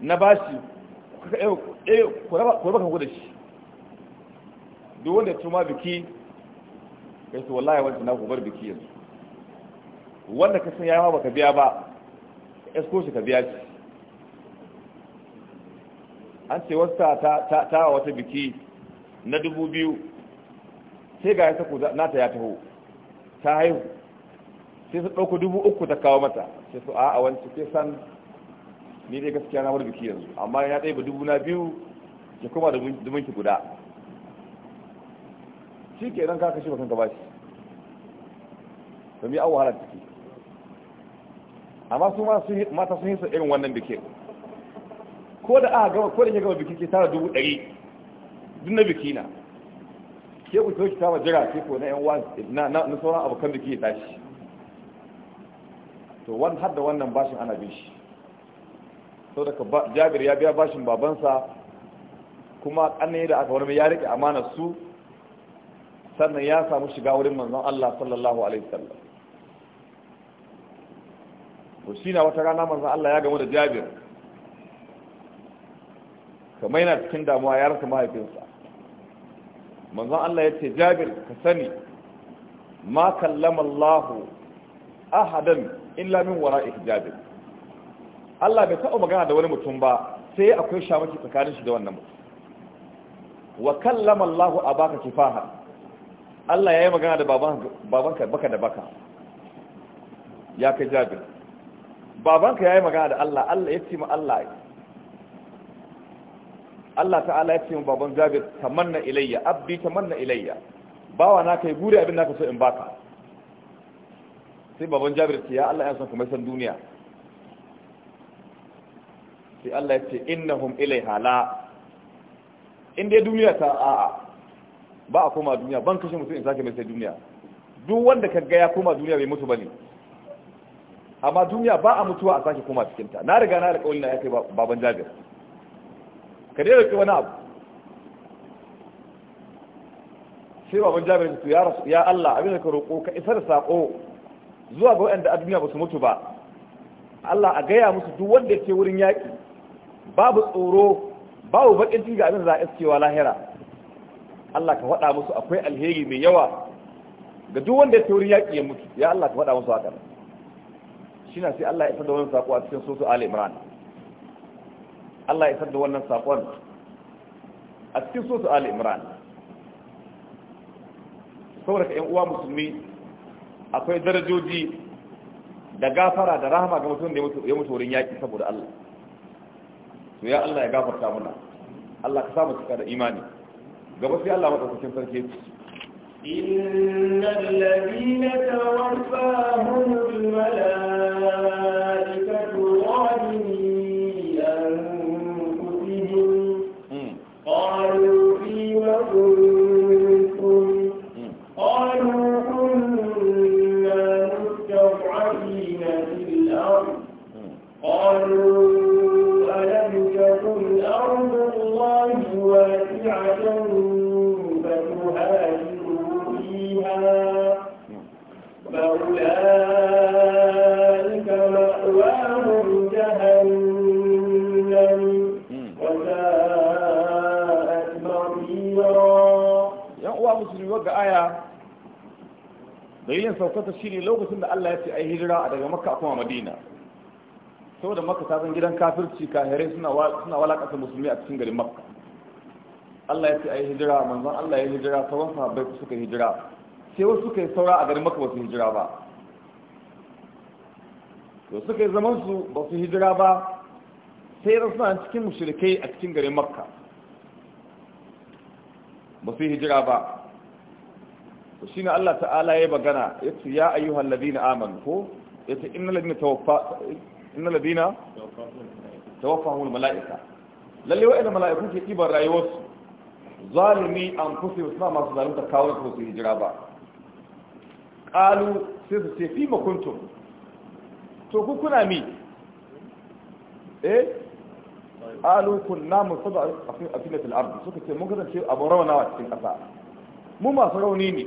na bashi ku raba kan ku da shi duk wanda ya tuma biki kai su wallahi wani na gobar biki yanzu wanda ka san yayi baka biya ba esko shi ka biya ki. an ce wasu ta ta ta wata biki na dubu biyu sai ga ya sako ta ya taho ta haihu sai su ɗauko dubu uku ta kawo mata sai su a wani sai san ni dai gaskiya na wani biki yanzu amma ya ɗaya ba dubu na biyu ya kuma da ki guda shi ke nan kaka shi bakan gaba shi domin mi an wahala take amma su sun mata sun hisa irin wannan bikin ko da aka gama ko da ya gama biki ke tara dubu ɗari duk na biki na ke ku toki ta jira ke ko na yan wa na na sauran abokan biki ya tashi to wani hadda wannan bashin ana bin shi sau daga jabir ya biya bashin babansa kuma ƙanne da aka wani ya riƙe amanar su sannan ya samu shiga wurin manzon Allah sallallahu alaihi sallam to shi na wata rana manzan Allah ya gamu da jabir kamar yana cikin damuwa ya rasa mahaifinsa manzan Allah ya ce jabir ka sani ma kallama Allahu ahadan illa min wara'i Jabir. Allah bai taɓa magana da wani mutum ba sai akwai shamaki tsakanin shi da wannan mutum wa kallama baka abaka kifaha Allah ya yi magana da babanka baka da baka ya kai jabir babanka ya yi magana da Allah Allah ya ce ma Allah Allah ta'ala ya ce ma baban Jabir tamanna ilayya abdi tamanna ilayya bawa na kai gure abin naka so in baka sai baban Jabir ce ya Allah ya san kuma san duniya sai Allah ya ce innahum ilayha la in dai duniya ta a'a ba a koma duniya ban kashe mutum in sake mai sai duniya duk wanda ka ga ya koma duniya bai mutu bane amma duniya ba a mutuwa a sake koma cikinta na riga na alƙawari na ya kai baban jabir ka dai rike wani abu sai baban jabir su ya rasu ya Allah abin da ka roƙo ka isar sako zuwa ga wanda a duniya ba su mutu ba Allah a gaya musu duk wanda ke wurin yaƙi babu tsoro babu bakin ciki ga abin da za a iskewa lahira Allah ka faɗa musu akwai alheri mai yawa ga duk wanda ke wurin yaƙi ya mutu ya Allah ka faɗa musu haka shine sai Allah ya isar da wannan sako a cikin sura Ali Imran Allah ya isar da wannan sakon a cikin sura Ali Imran saboda yan uwa musulmi akwai darajoji da gafara da rahama ga mutum da ya mutu wurin yaƙi saboda Allah to ya Allah ya gafarta muna Allah ka samu cika da imani gaba sai Allah madaukakin sarki ya إن الذين توفاهم الملائكة dalilin saukata shine lokacin da Allah ya ce ai hijira daga makka kuma madina saboda makka ta zan gidan kafirci kahirai suna suna walakata musulmi a cikin garin makka Allah ya ce ai hijira manzon Allah ya hijira sauran sahabbai suka hijira sai wasu suka yi saura a garin makka ba su hijira ba to suka yi zaman su ba su hijira ba sai ran suna cikin mushrikai a cikin garin makka ba su hijira ba to shine Allah ta'ala ya magana yace ya ayyuhal ladina amanu ko yace innal ladina tawaffa innal ladina tawaffahumul malaika lalle wa'ida malaiku ke kibar rayuwarsu zalimi an kusi suna masu zalunta kawo su su hijira ba qalu sai su ce fi makuntum to ku kuna mi eh qalu kunna musadu a fi afilatil ard suka ce mun kasance abu rawana a cikin kasa mu masu rauni ne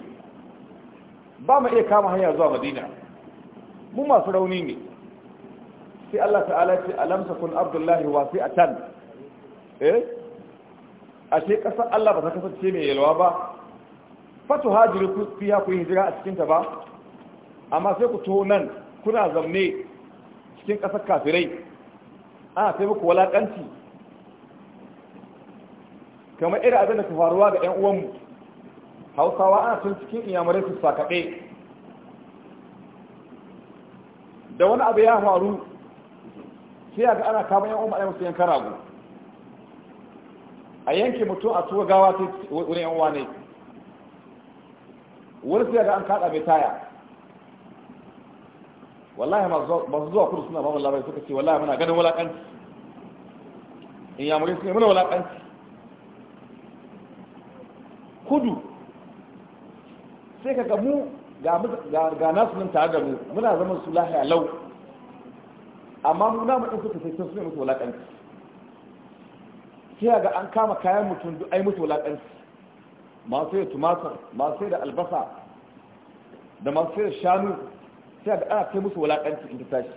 ba mu iya kama hanya zuwa madina mu masu rauni ne sai Allah ta'ala ce alamsa kun abdullahi wasi a can. eh a ce Allah ba ta kasance mai yalwa ba fatu hajiru ku fiya ku yi hijira a cikinta ba amma sai ku taho nan kuna zamne cikin ƙasar kafirai ana sai muku walaƙanci kamar irin abin da ka faruwa ga 'yan uwanmu hausawa ana tun cikin inyamurai su sakaɓe da wani abu ya faru sai a ga ana kama yan umar musu yankara rago a yanke mutum a tuwa gawa ta wurin yan uwa ne wani sai ga an kaɗa mai taya wallahi masu zuwa kudu suna mamun labarai suka ce wallahi muna ganin wulaƙanci in yamurai suka muna wulaƙanci kudu sai ka gamu ga nasu nan tare da mu muna zama su lahiya lau amma muna mutum suka sai sun mutu wulaƙanci sai ga an kama kayan mutum duk ai mutu wulaƙanci masu yi tumatar masu yi da albasa da masu yi da shanu sai ga ana kai musu wulaƙanci in ta tashi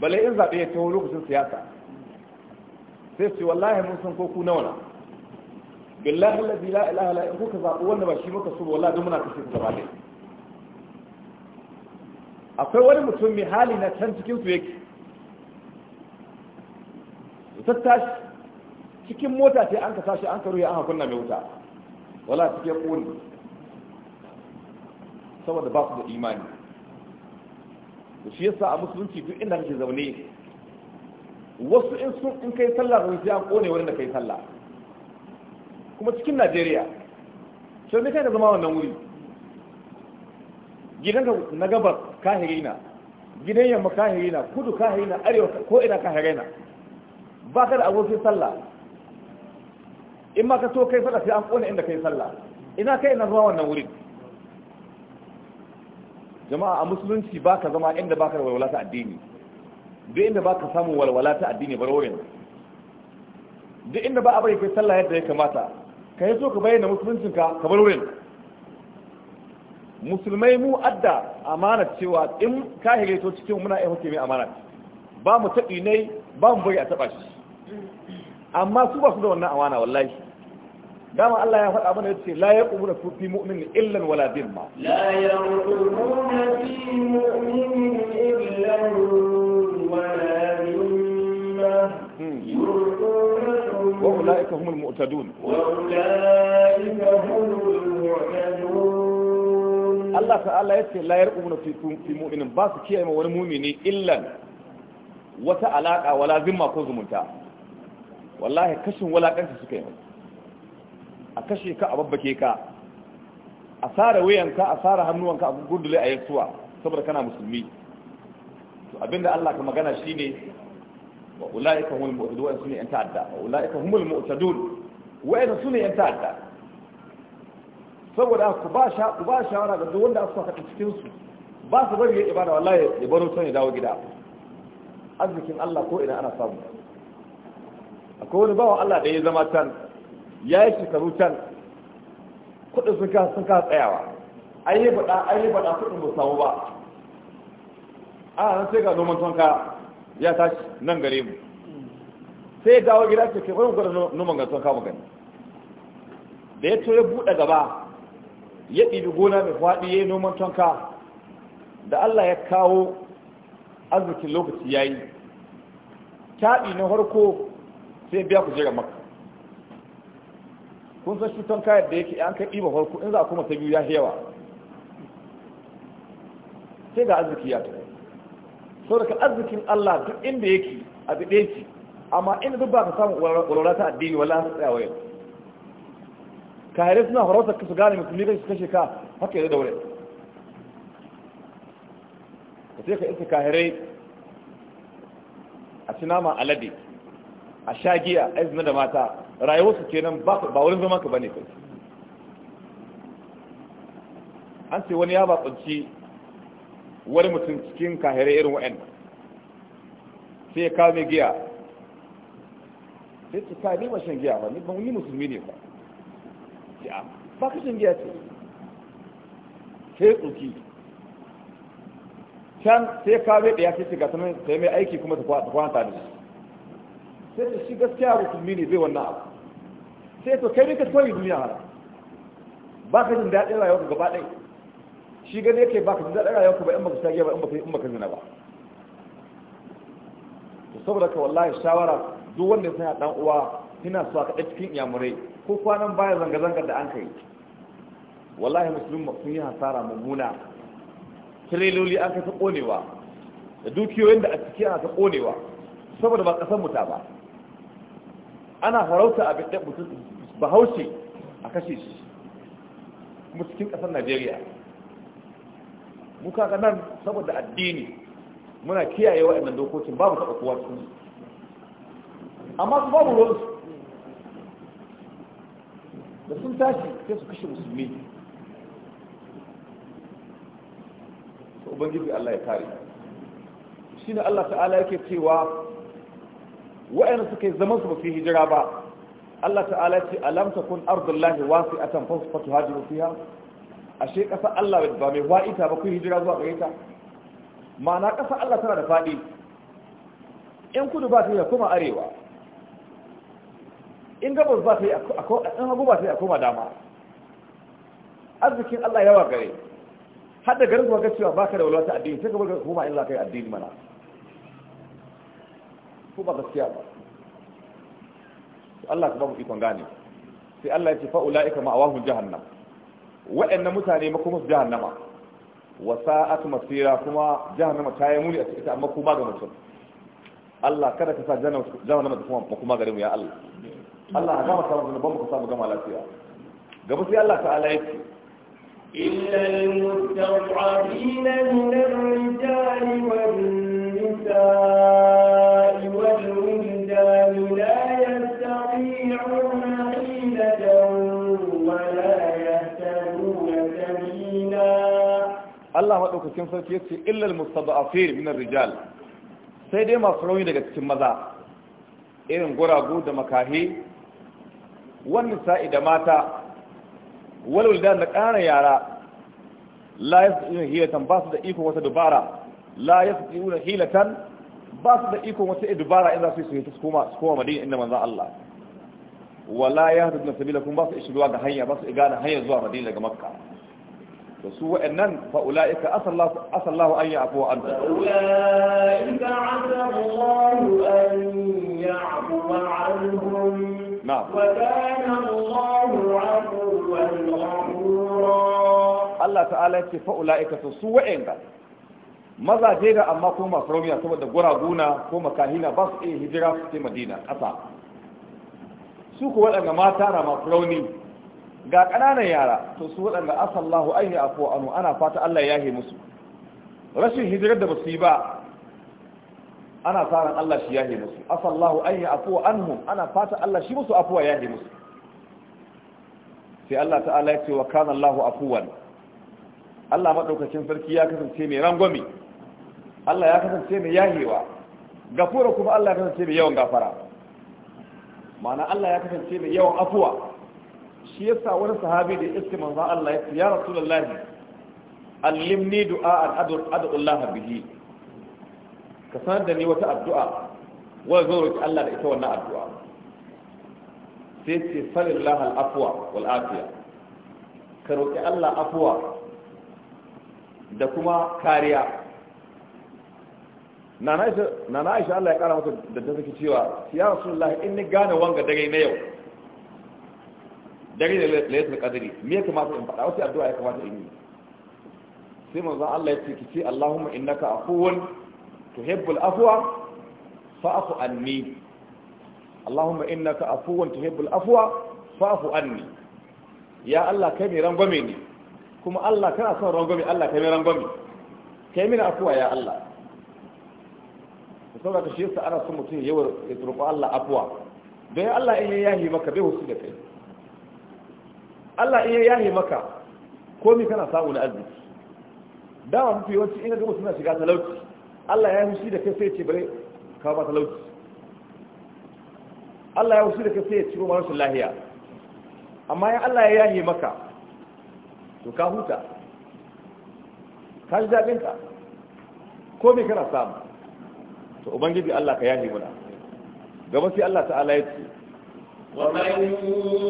balai in zaɓe ya taho lokacin siyasa sai su wallahi mun san ko ku nawa na billahi allazi la ilaha illa in kuka zaɓi wanda ba shi muka so wala don muna kashe ku gaba ɗaya akwai wani mutum mai hali na can cikin su yake ta tashi cikin mota ce an ka sashi an ka ruhe an hakunna mai wuta wala cikin ƙoni saboda ba su da imani da shi yasa a musulunci duk inda kake zaune wasu in sun in kai sallah da wuce an ƙone wani da kai sallah kuma cikin najeriya sai ne kai da zama wannan wuri ka na gabar kahirina gidan yamma kahirina kudu kahirina arewa ko ina kahirina ba ka da abokin sallah in ma ka so kai fada sai an kone inda kai sallah ina kai na zama wannan wurin jama'a a musulunci ba ka zama inda ba ka da walwala ta addini duk inda ba ka samu walwala ta addini barorin duk inda ba a bari kai sallah yadda ya kamata ka yi so ka bayyana musuluncinka ka bar wurin musulmai mu adda amana cewa in ka to cikin muna yi hukumi mai amana ba mu taɓi ne ba mu bari a taɓa shi amma su ba su da wannan amana wallahi dama Allah ya faɗa mana yace la na fi mu'min illan wala dhimma la yaqbulu fi mu'min illan wala dhimma hmm. yurquna وأولئك هم المؤتدون وأولئك هم المعتدون الله تعالى يتي لا يرؤون فيكم في مؤمن باس كيما ولا مؤمن إلا وتعلاقة ولا ذمة انتا والله كشن ولا كنت سكيما كأببكي كا أثار وينك أثار هنوانك أبو قدلي أيسوا saboda kana musulmi to abinda Allah gana shi ne wa ulaika humul mu'tadun wa sunni ta'adda wa ulaika humul mu'tadun wa ina sunni ta'adda saboda ku ba sha ku ba shawara ga duk wanda aka saka cikin su ba su bari ya ibada wallahi ya baro sun ya dawo gida arzikin Allah ko ina ana samu akwai wani wa Allah da ya zama can ya yi shekaru can kudin sun kasa sun kasa tsayawa an yi bada an yi bada kudin ba samu ba a nan sai ga noman tonka ya tashi nan gare mu sai ya dawo gida ce ke kwanan gwada numan gantuwan kama gani da ya tura ya buɗe gaba ya ɗibi gona mai faɗi ya yi noman tonka da Allah ya kawo arzikin lokaci ya yi taɗi na harko sai biya ku jira maka kun san shi tonka yadda yake an kai ɗiba harko in za a kuma ta biyu ya hewa sai ga arziki ya tafi saboda arzikin Allah duk inda yake a bide shi amma inda duk ba ka samu walwala ta addini wala ta tsaya ka kahare suna horautar ka su gane musulmi kai su kashe ka haka yanzu da wurin ka sai ka isa kahare a ci nama Ladi, a sha giya a izina da mata rayuwarsu kenan ba wurin zama ka bane kai an ce wani ya ba wani mutum cikin kahirai irin wa'in sai ya kawo mai giya sai ta kawo ba shan giya ba ni ban yi musulmi ne ba ya ba ka shan giya ce sai tsoki can sai kawo mai ɗaya sai shiga sanar sai mai aiki kuma ta kwanta da shi sai ta shi gaskiya musulmi ne zai wannan abu sai to kai ne ka tsoyi duniya hana ba ka jin daɗin rayuwa gaba ɗaya shi gani yake baka ji daɗin rayuwarka ba in baka shagiya ba in baka in baka zina ba to saboda ka wallahi shawara duk wanda ya sanya dan uwa suna so ka ɗan cikin iyamurai ko kwanan baya zanga-zangar da an kai wallahi musulmi sun yi hasara mummuna tireloli an kai ta ƙonewa da dukiyoyin da a ciki ana ta ƙonewa saboda ba ƙasar muta ba ana farauta a ɗan mutum bahaushe a kashe shi kuma cikin ƙasar najeriya muka ga nan saboda addini muna kiyaye waɗannan dokokin babu taɓa kowa cikin amma su babu su da sun tashi sai su kashe musulmi su ubangiji Allah ya kare shi ne Allah ta'ala yake cewa wa'yanda suka yi zaman su ba su yi hijira ba Allah ta'ala ce alamta kun alam takun ardullahi wasi'atan fa fatuhajiru fiha ashe ƙasa Allah ba mai wa'ita ba kun hijira zuwa gare ta ma'ana ƙasa Allah tana da faɗi in kudu ba ta yi a koma arewa in gabas ba ta yi in hagu ba ta yi a koma dama arzikin Allah yawa gare har da garin ga cewa baka da walwata addini sai gabar ga koma in za ka yi addini mana ko ba gaskiya ba Allah ka ba mu ikon gane sai Allah ya ce fa ulaika ma'awahum jahannam waɗannan mutane makoma su jahannama wa sa'at masira kuma jahannama ta yi muni a cikin amma kuma ga mutum Allah kada ka sa jahannama ta kuma kuma gare mu ya Allah Allah ka gama samu zunuban ka samu gama lafiya gaba sai Allah ta'ala ya ce إلا المستضعفين من الرجال والنساء Allah maɗaukakin sarki ya ce illal mustada'afin min rijal sai dai masu rauni daga cikin maza irin guragu da makahi wannan sa'i da mata walul da na ƙara yara la yasuna hilatan ba su da iko wata dubara la yasuna hilatan ba su da iko wata dubara idan su yi su koma su koma madina inda manzo Allah wala yahduna kuma ba su ishiruwa ga hanya ba su gane hanya zuwa madina daga makka da su wa'annan fa ula'ika asallahu an ya'fu an ta ula'ika asallahu an ya'fu anhum na'am wa kana Allahu 'afuwan ghafura Allah ta'ala ya ce fa ula'ika su maza mazaje da amma ko masu rauniya saboda guraguna ko makahina ba su iya hijira su ce Madina ƙasa su ku waɗanda mata na masu rauni ga ƙananan yara to su waɗanda asallahu aini afuwa anu ana fata Allah ya musu rashin hijirar da basu yi ba ana fara Allah shi ya musu asallahu aini afuwa anhum ana fata Allah shi musu afuwa ya musu sai Allah ta'ala ya ce wa kana Allahu afuwan Allah madaukakin sarki ya kasance mai rangwami Allah ya kasance mai yahewa gafura kuma Allah ya kasance mai yawan gafara ma'ana Allah ya kasance mai yawan afuwa shi yasa wani sahabi da iske manzon Allah ya ce ya rasulullahi allimni du'a ad'u Allah bihi ka sanar da ni wata addu'a wanda zan roki Allah da ita wannan addu'a sai ce salillah al-afwa wal afiya ka roki Allah afwa da kuma kariya nana Aisha Allah ya kara masa da ta saki cewa ya rasulullahi in ni gane wanga dare na yau dare da laylatul qadri me ya kamata in faɗa wace addu'a ya kamata in yi sai manzon Allah ya ce ki ce Allahumma innaka afuwun tuhibbul afwa fa'fu anni Allahumma innaka afuwun tuhibbul afwa fa'fu anni ya Allah kai mai rangwame ne kuma Allah kana son rangwame Allah kai mai rangwame kai mini afuwa ya Allah saboda ka shi yasa ana son mutum yawan ya turba Allah afuwa don Allah in ya yahi maka bai wasu da kai Allah iya yahe maka komi kana samu na arziki dama mafi yawanci ina ga suna shiga talauci Allah ya hushi da kai sai ce bare ka ba talauci Allah ya hushi da kai sai ya ciro marashin lahiya amma ya Allah ya yahe maka to ka huta ka ji daɗinka komi kana samu to ubangiji Allah ka yahe muna gaba sai Allah ta'ala ya ce ومن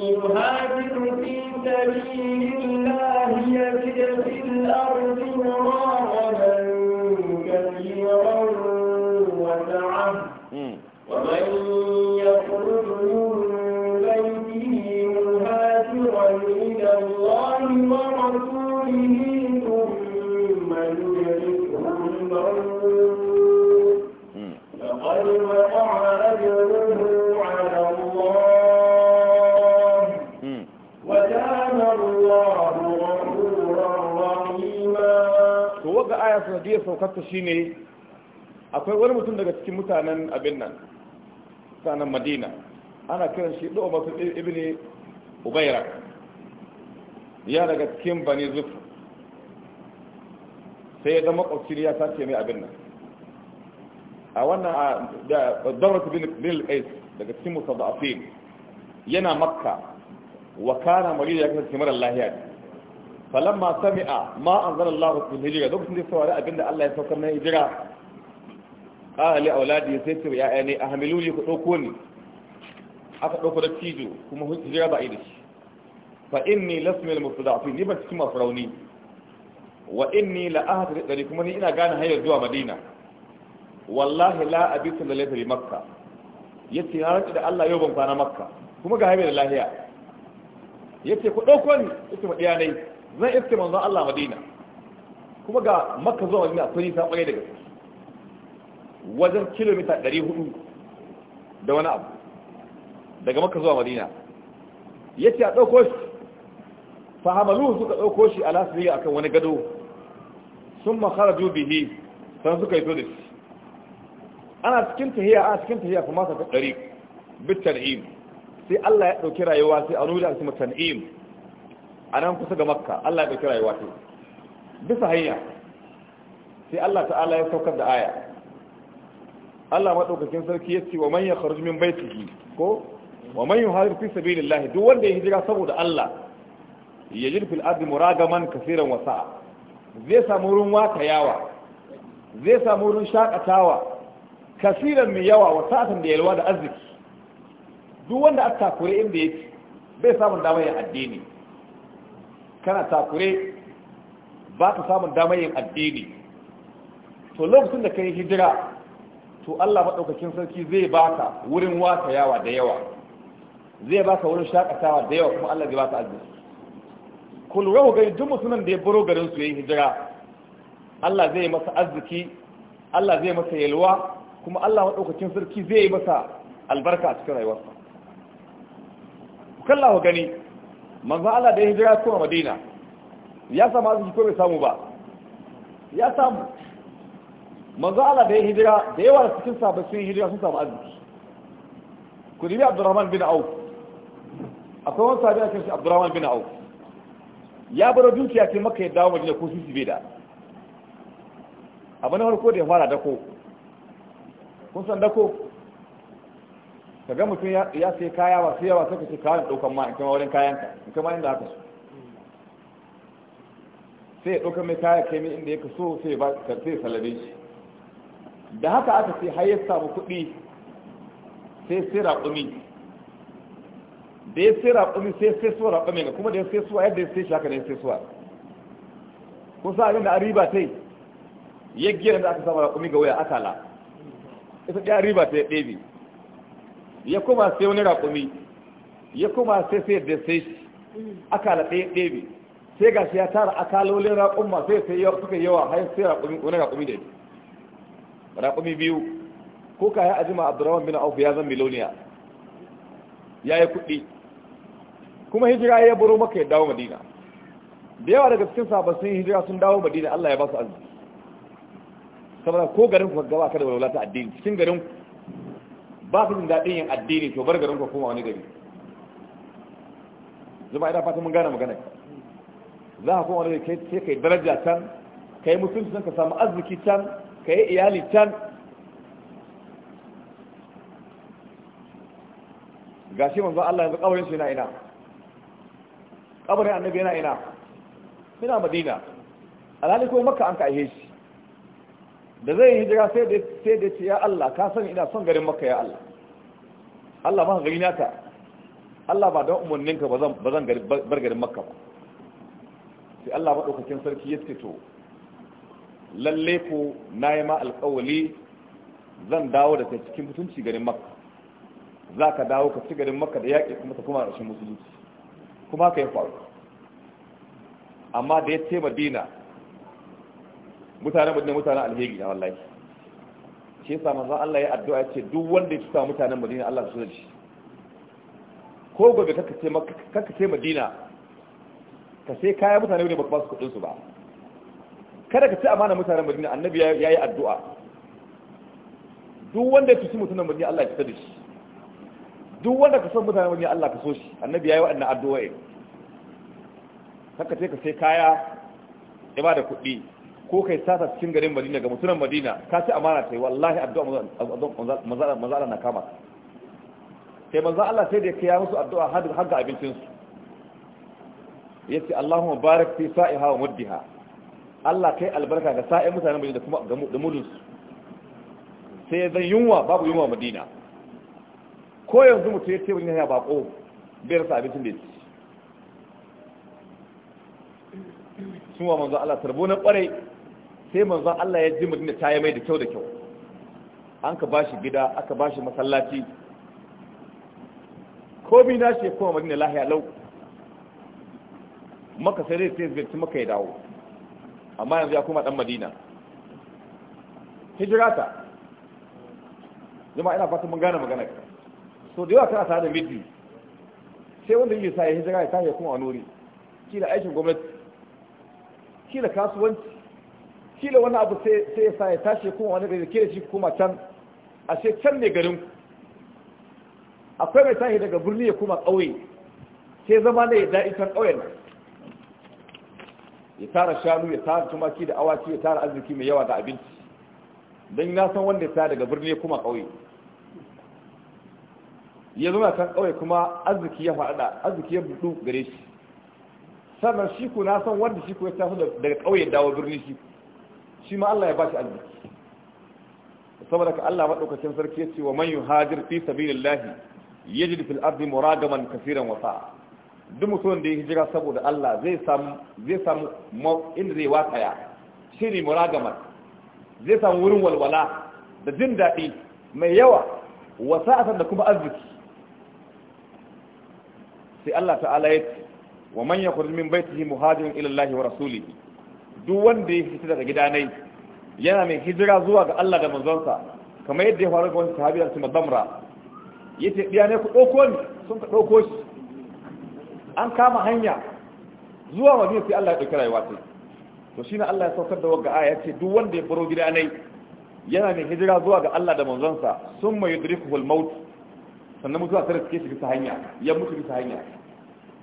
يهاجر في سبيل الله يجد في الأرض مراغما كثيرا وسعه ومن يخرج من بيته مهاجرا إلى الله ورسوله ثم يدركه الموت aya sanadiyar saukarta shine akwai wani mutum daga cikin mutanen abin nan mutanen madina ana kiran shi ɗo masu ibini ubaira ya daga cikin bani zufu sai ya zama ƙwarsir ya sace mai abin nan a wannan a da daurat bin qais daga cikin musaddafin yana makka wa kana mariya ya kasance mara lahiya ne. falamma sami'a ma Allahu fil hijra lokacin da saurari abinda Allah ya saukar na hijira qala li auladi sai ce ya ayani ahmiluni ku dauko ni aka dauko da tijo kuma hijira ba ida shi fa inni lasmil mustada'fi ni ba cikin masu rauni wa inni la ahadu dari kuma ni ina gane hanyar zuwa madina wallahi la abisu da laifari makka yace na rantsi da Allah yau ban kwana makka kuma ga haibe da lahiya yace ku dauko ni yace ma diyanai zai iske manzon Allah Madina kuma ga Makka zuwa Madina sun yi kwarai da gaske wajen kilomita 400 da wani abu daga Makka zuwa Madina yace a dauko shi fahamaluhu suka dauko shi ala sirriya akan wani gado summa kharaju bihi san suka yi da ana cikin tahiya ana cikin tahiya kuma ka dari bit sai Allah ya dauki rayuwa sai a nuna su tan'im a nan kusa ga makka Allah ya ɗauki rayuwa ta bisa hanya sai Allah ta'ala ya saukar da aya Allah maɗaukakin sarki ya ce wa manyan ya kharuj ko wa man yuhajir fi sabilillah duk wanda ya hijira saboda Allah yajid fil ardi muragaman kaseeran wa zai samu wurin wakayawa zai samu wurin shakatawa kasiran mai yawa wasa sa'atan da yalwa da arziki duk wanda aka takure inda yake bai samun damar yin addini kana takure ba ta samun damar yin addini to lokacin da ka yi hijira to Allah maɗaukakin sarki zai baka wurin wata yawa da yawa zai baka wurin shakatawa da yawa kuma Allah zai baka arziki ku lura ku gani duk mutumin da ya buro garin su yayi hijira Allah zai masa arziki Allah zai masa yalwa kuma Allah maɗaukakin sarki zai masa albarka a cikin rayuwarsa ku kalla ku gani manzo Allah da ya hijira kuma Madina ya samu arziki ko bai samu ba ya samu manzo Allah da ya hijira da yawa da cikin sahabbai sun hijira sun samu arziki ku dibi Abdurrahman bin Auf akwai wani sahabi a cikin Abdurrahman bin Auf ya bar dukiya ce maka ya dawo Madina ko sisi bai da abana na farko da ya fara dako kun san dako ka ga mutum ya sai kaya ba sai yawa sai ka ce kayan ɗaukan ma in kama wurin kayan ka in kama inda aka su. sai ya ɗaukan mai kaya kai mai inda ya so sai ba ka sai salabe shi da haka aka sai har ya samu kuɗi sai sai raƙumi da ya sai raƙumi sai sai suwa raƙumi ga kuma da ya sai suwa yadda ya sai shi haka ne ya sai suwa kun sa abin da an riba ta yi ya gina da aka samu raƙumi ga waya akala ita ɗaya riba ta ya ɗebe ya kuma sai wani raƙumi ya kuma sai sai da sai shi mm. akala ɗaya ɗebe sai ga shi ya tara akalolin raƙumma sai sai yawa suka yawa har sai raƙumi wani raƙumi da raƙumi biyu ko ka yi ajima abdurrahman bin auf ya zan miloniya ya yi kuɗi kuma hijira ya buru maka ya dawo madina da yawa daga cikin sahabban sun hijira sun dawo madina Allah ya ba su arziki saboda ko garin ku gaba ka da walwala ta addini cikin garin ku ba su jin daɗin yin addini to bar garin ku koma wani gari zuma ina fata mun gane magana za ka koma wani gari sai kai daraja can kai mutunci can ka samu arziki can ka yi iyali can shi manzo Allah yanzu kabarin shi yana ina kabarin annabi yana ina ina madina alhali ko makka an ka aihe shi da zai hijira sai da sai da ce ya Allah ka san ina son garin Makka ya Allah Allah ba gari naka Allah ba don umarninka ba zan ba zan bar garin Makka ba sai Allah madaukakin sarki ya ce to lalle ko nayi ma alƙawali zan dawo da kai cikin mutunci garin Makka zaka dawo ka ci garin Makka da yaƙi kuma ta kuma rashin musulunci kuma ka yi faru amma da ya ce Madina Mutane-mutane mutane alheri na wallahi shi yasa manzo Allah ya addu'a ya ce duk wanda ya cuta mutanen madina Allah su shi ko gobe kaka ce kaka ce madina ka sai kaya mutane ne ba su kudin su ba kada ka ci amana mutanen madina annabi ya yi addu'a duk wanda ya cuci mutanen madina Allah ya cuta da shi duk wanda ka san mutanen madina Allah ka so shi annabi ya yi wannan addu'a kaka ce ka sai kaya ya ba da kuɗi ko kai sata cikin garin madina ga mutunan madina ka ci amana ta yi wallahi addu'a maza Allah na kama sai maza Allah sai da ya kaya musu addu'a har ga abincinsu ya ce Allahumma barak fi sa'iha wa muddiha Allah kai albarka ga sai mutanen madina kuma ga mudunsu sai zan yunwa babu yunwa madina ko yanzu mutum ya ce wani ya bako bai rasa abincin da ya ci sun wa manzo Allah tarbo na kwarai sai manzon Allah ya ji madina ta yi mai da kyau da kyau an ka bashi gida aka bashi masallaci komi na shi kuma madina lahiya lau maka sai dai zai zirci maka ya dawo amma yanzu ya kuma dan madina hijirata jama'a ina fatan mun gane magana ka so da yawa kana tare da midi sai wanda yake sa ya hijira ya tashi kuma a nori kila aikin gwamnati kila kasuwanci kila wani abu sai ya sa ya tashi kuma wani gari kila shi kuma can a ce can ne garin akwai mai tashi daga birni ya kuma ƙauye sai zama ne ya daɗi can ƙauyen ya tara shanu ya tara tumaki da awaki ya tara arziki mai yawa da abinci don na nasan wanda ya tara daga birni ya kuma ƙauye ya zama kan ƙauye kuma arziki ya faɗa arziki ya buɗu gare shi sannan shi ku na wanda shi ku ya tafi daga ƙauye dawo birni shi ku shi ma Allah ya ba shi arziki saboda ka Allah maɗaukacin sarki ya ce wa man yuhajir fi sabilillahi yajid fil ardi muragaman kaseeran wa sa'a duk mutumin da ya hijira saboda Allah zai samu zai samu inda zai wataya shine muragaman zai samu wurin walwala da jin daɗi mai yawa wa sa'atan da kuma arziki sai Allah ta'ala ya ce wa man yakhruj min baytihi muhajirin ila Allah wa rasulihi duk wanda ya fita daga gidanai yana mai hijira zuwa ga Allah da manzonsa kamar yadda ya faru ga wani sahabi Abdul Mazamra yace biya ne ku ɗauko ni sun ka ɗauko shi an kama hanya zuwa Madina sai Allah ya ɗauki rayuwa ta to shine Allah ya saukar da wagga aya ce duk wanda ya faro gidanai yana mai hijira zuwa ga Allah da manzonsa summa yudrikuhu al-maut sannan mutuwa ta riske shi bisa hanya ya mutu bisa hanya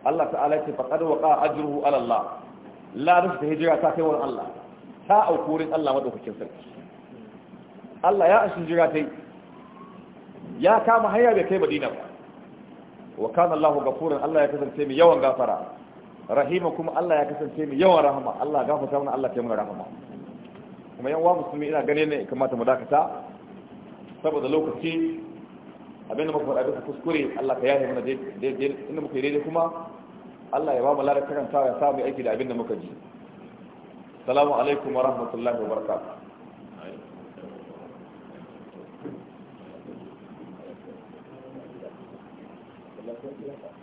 Allah ta'ala ya ce faqad waqa ajruhu ala Allah ladar da hijira ta kai wurin Allah ta auku wurin Allah madaukakin sarki Allah ya ashin jira ta ya kama hanya bai kai Madina ba wa kana Allah gafuran Allah ya kasance mai yawan gafara rahima kuma Allah ya kasance mai yawan rahama Allah gafarta mana Allah ya mana rahama kuma yan wa musulmi ina gane ne kamata mu dakata saboda lokaci abin da muka faɗa duka kuskure Allah ka yaye mana daidai inda muka yi daidai kuma Allah ya ba mu ladar karantawa ya sa mu aiki da abin da muka ji salamu alaikum wa rahmatullahi wa barakatuh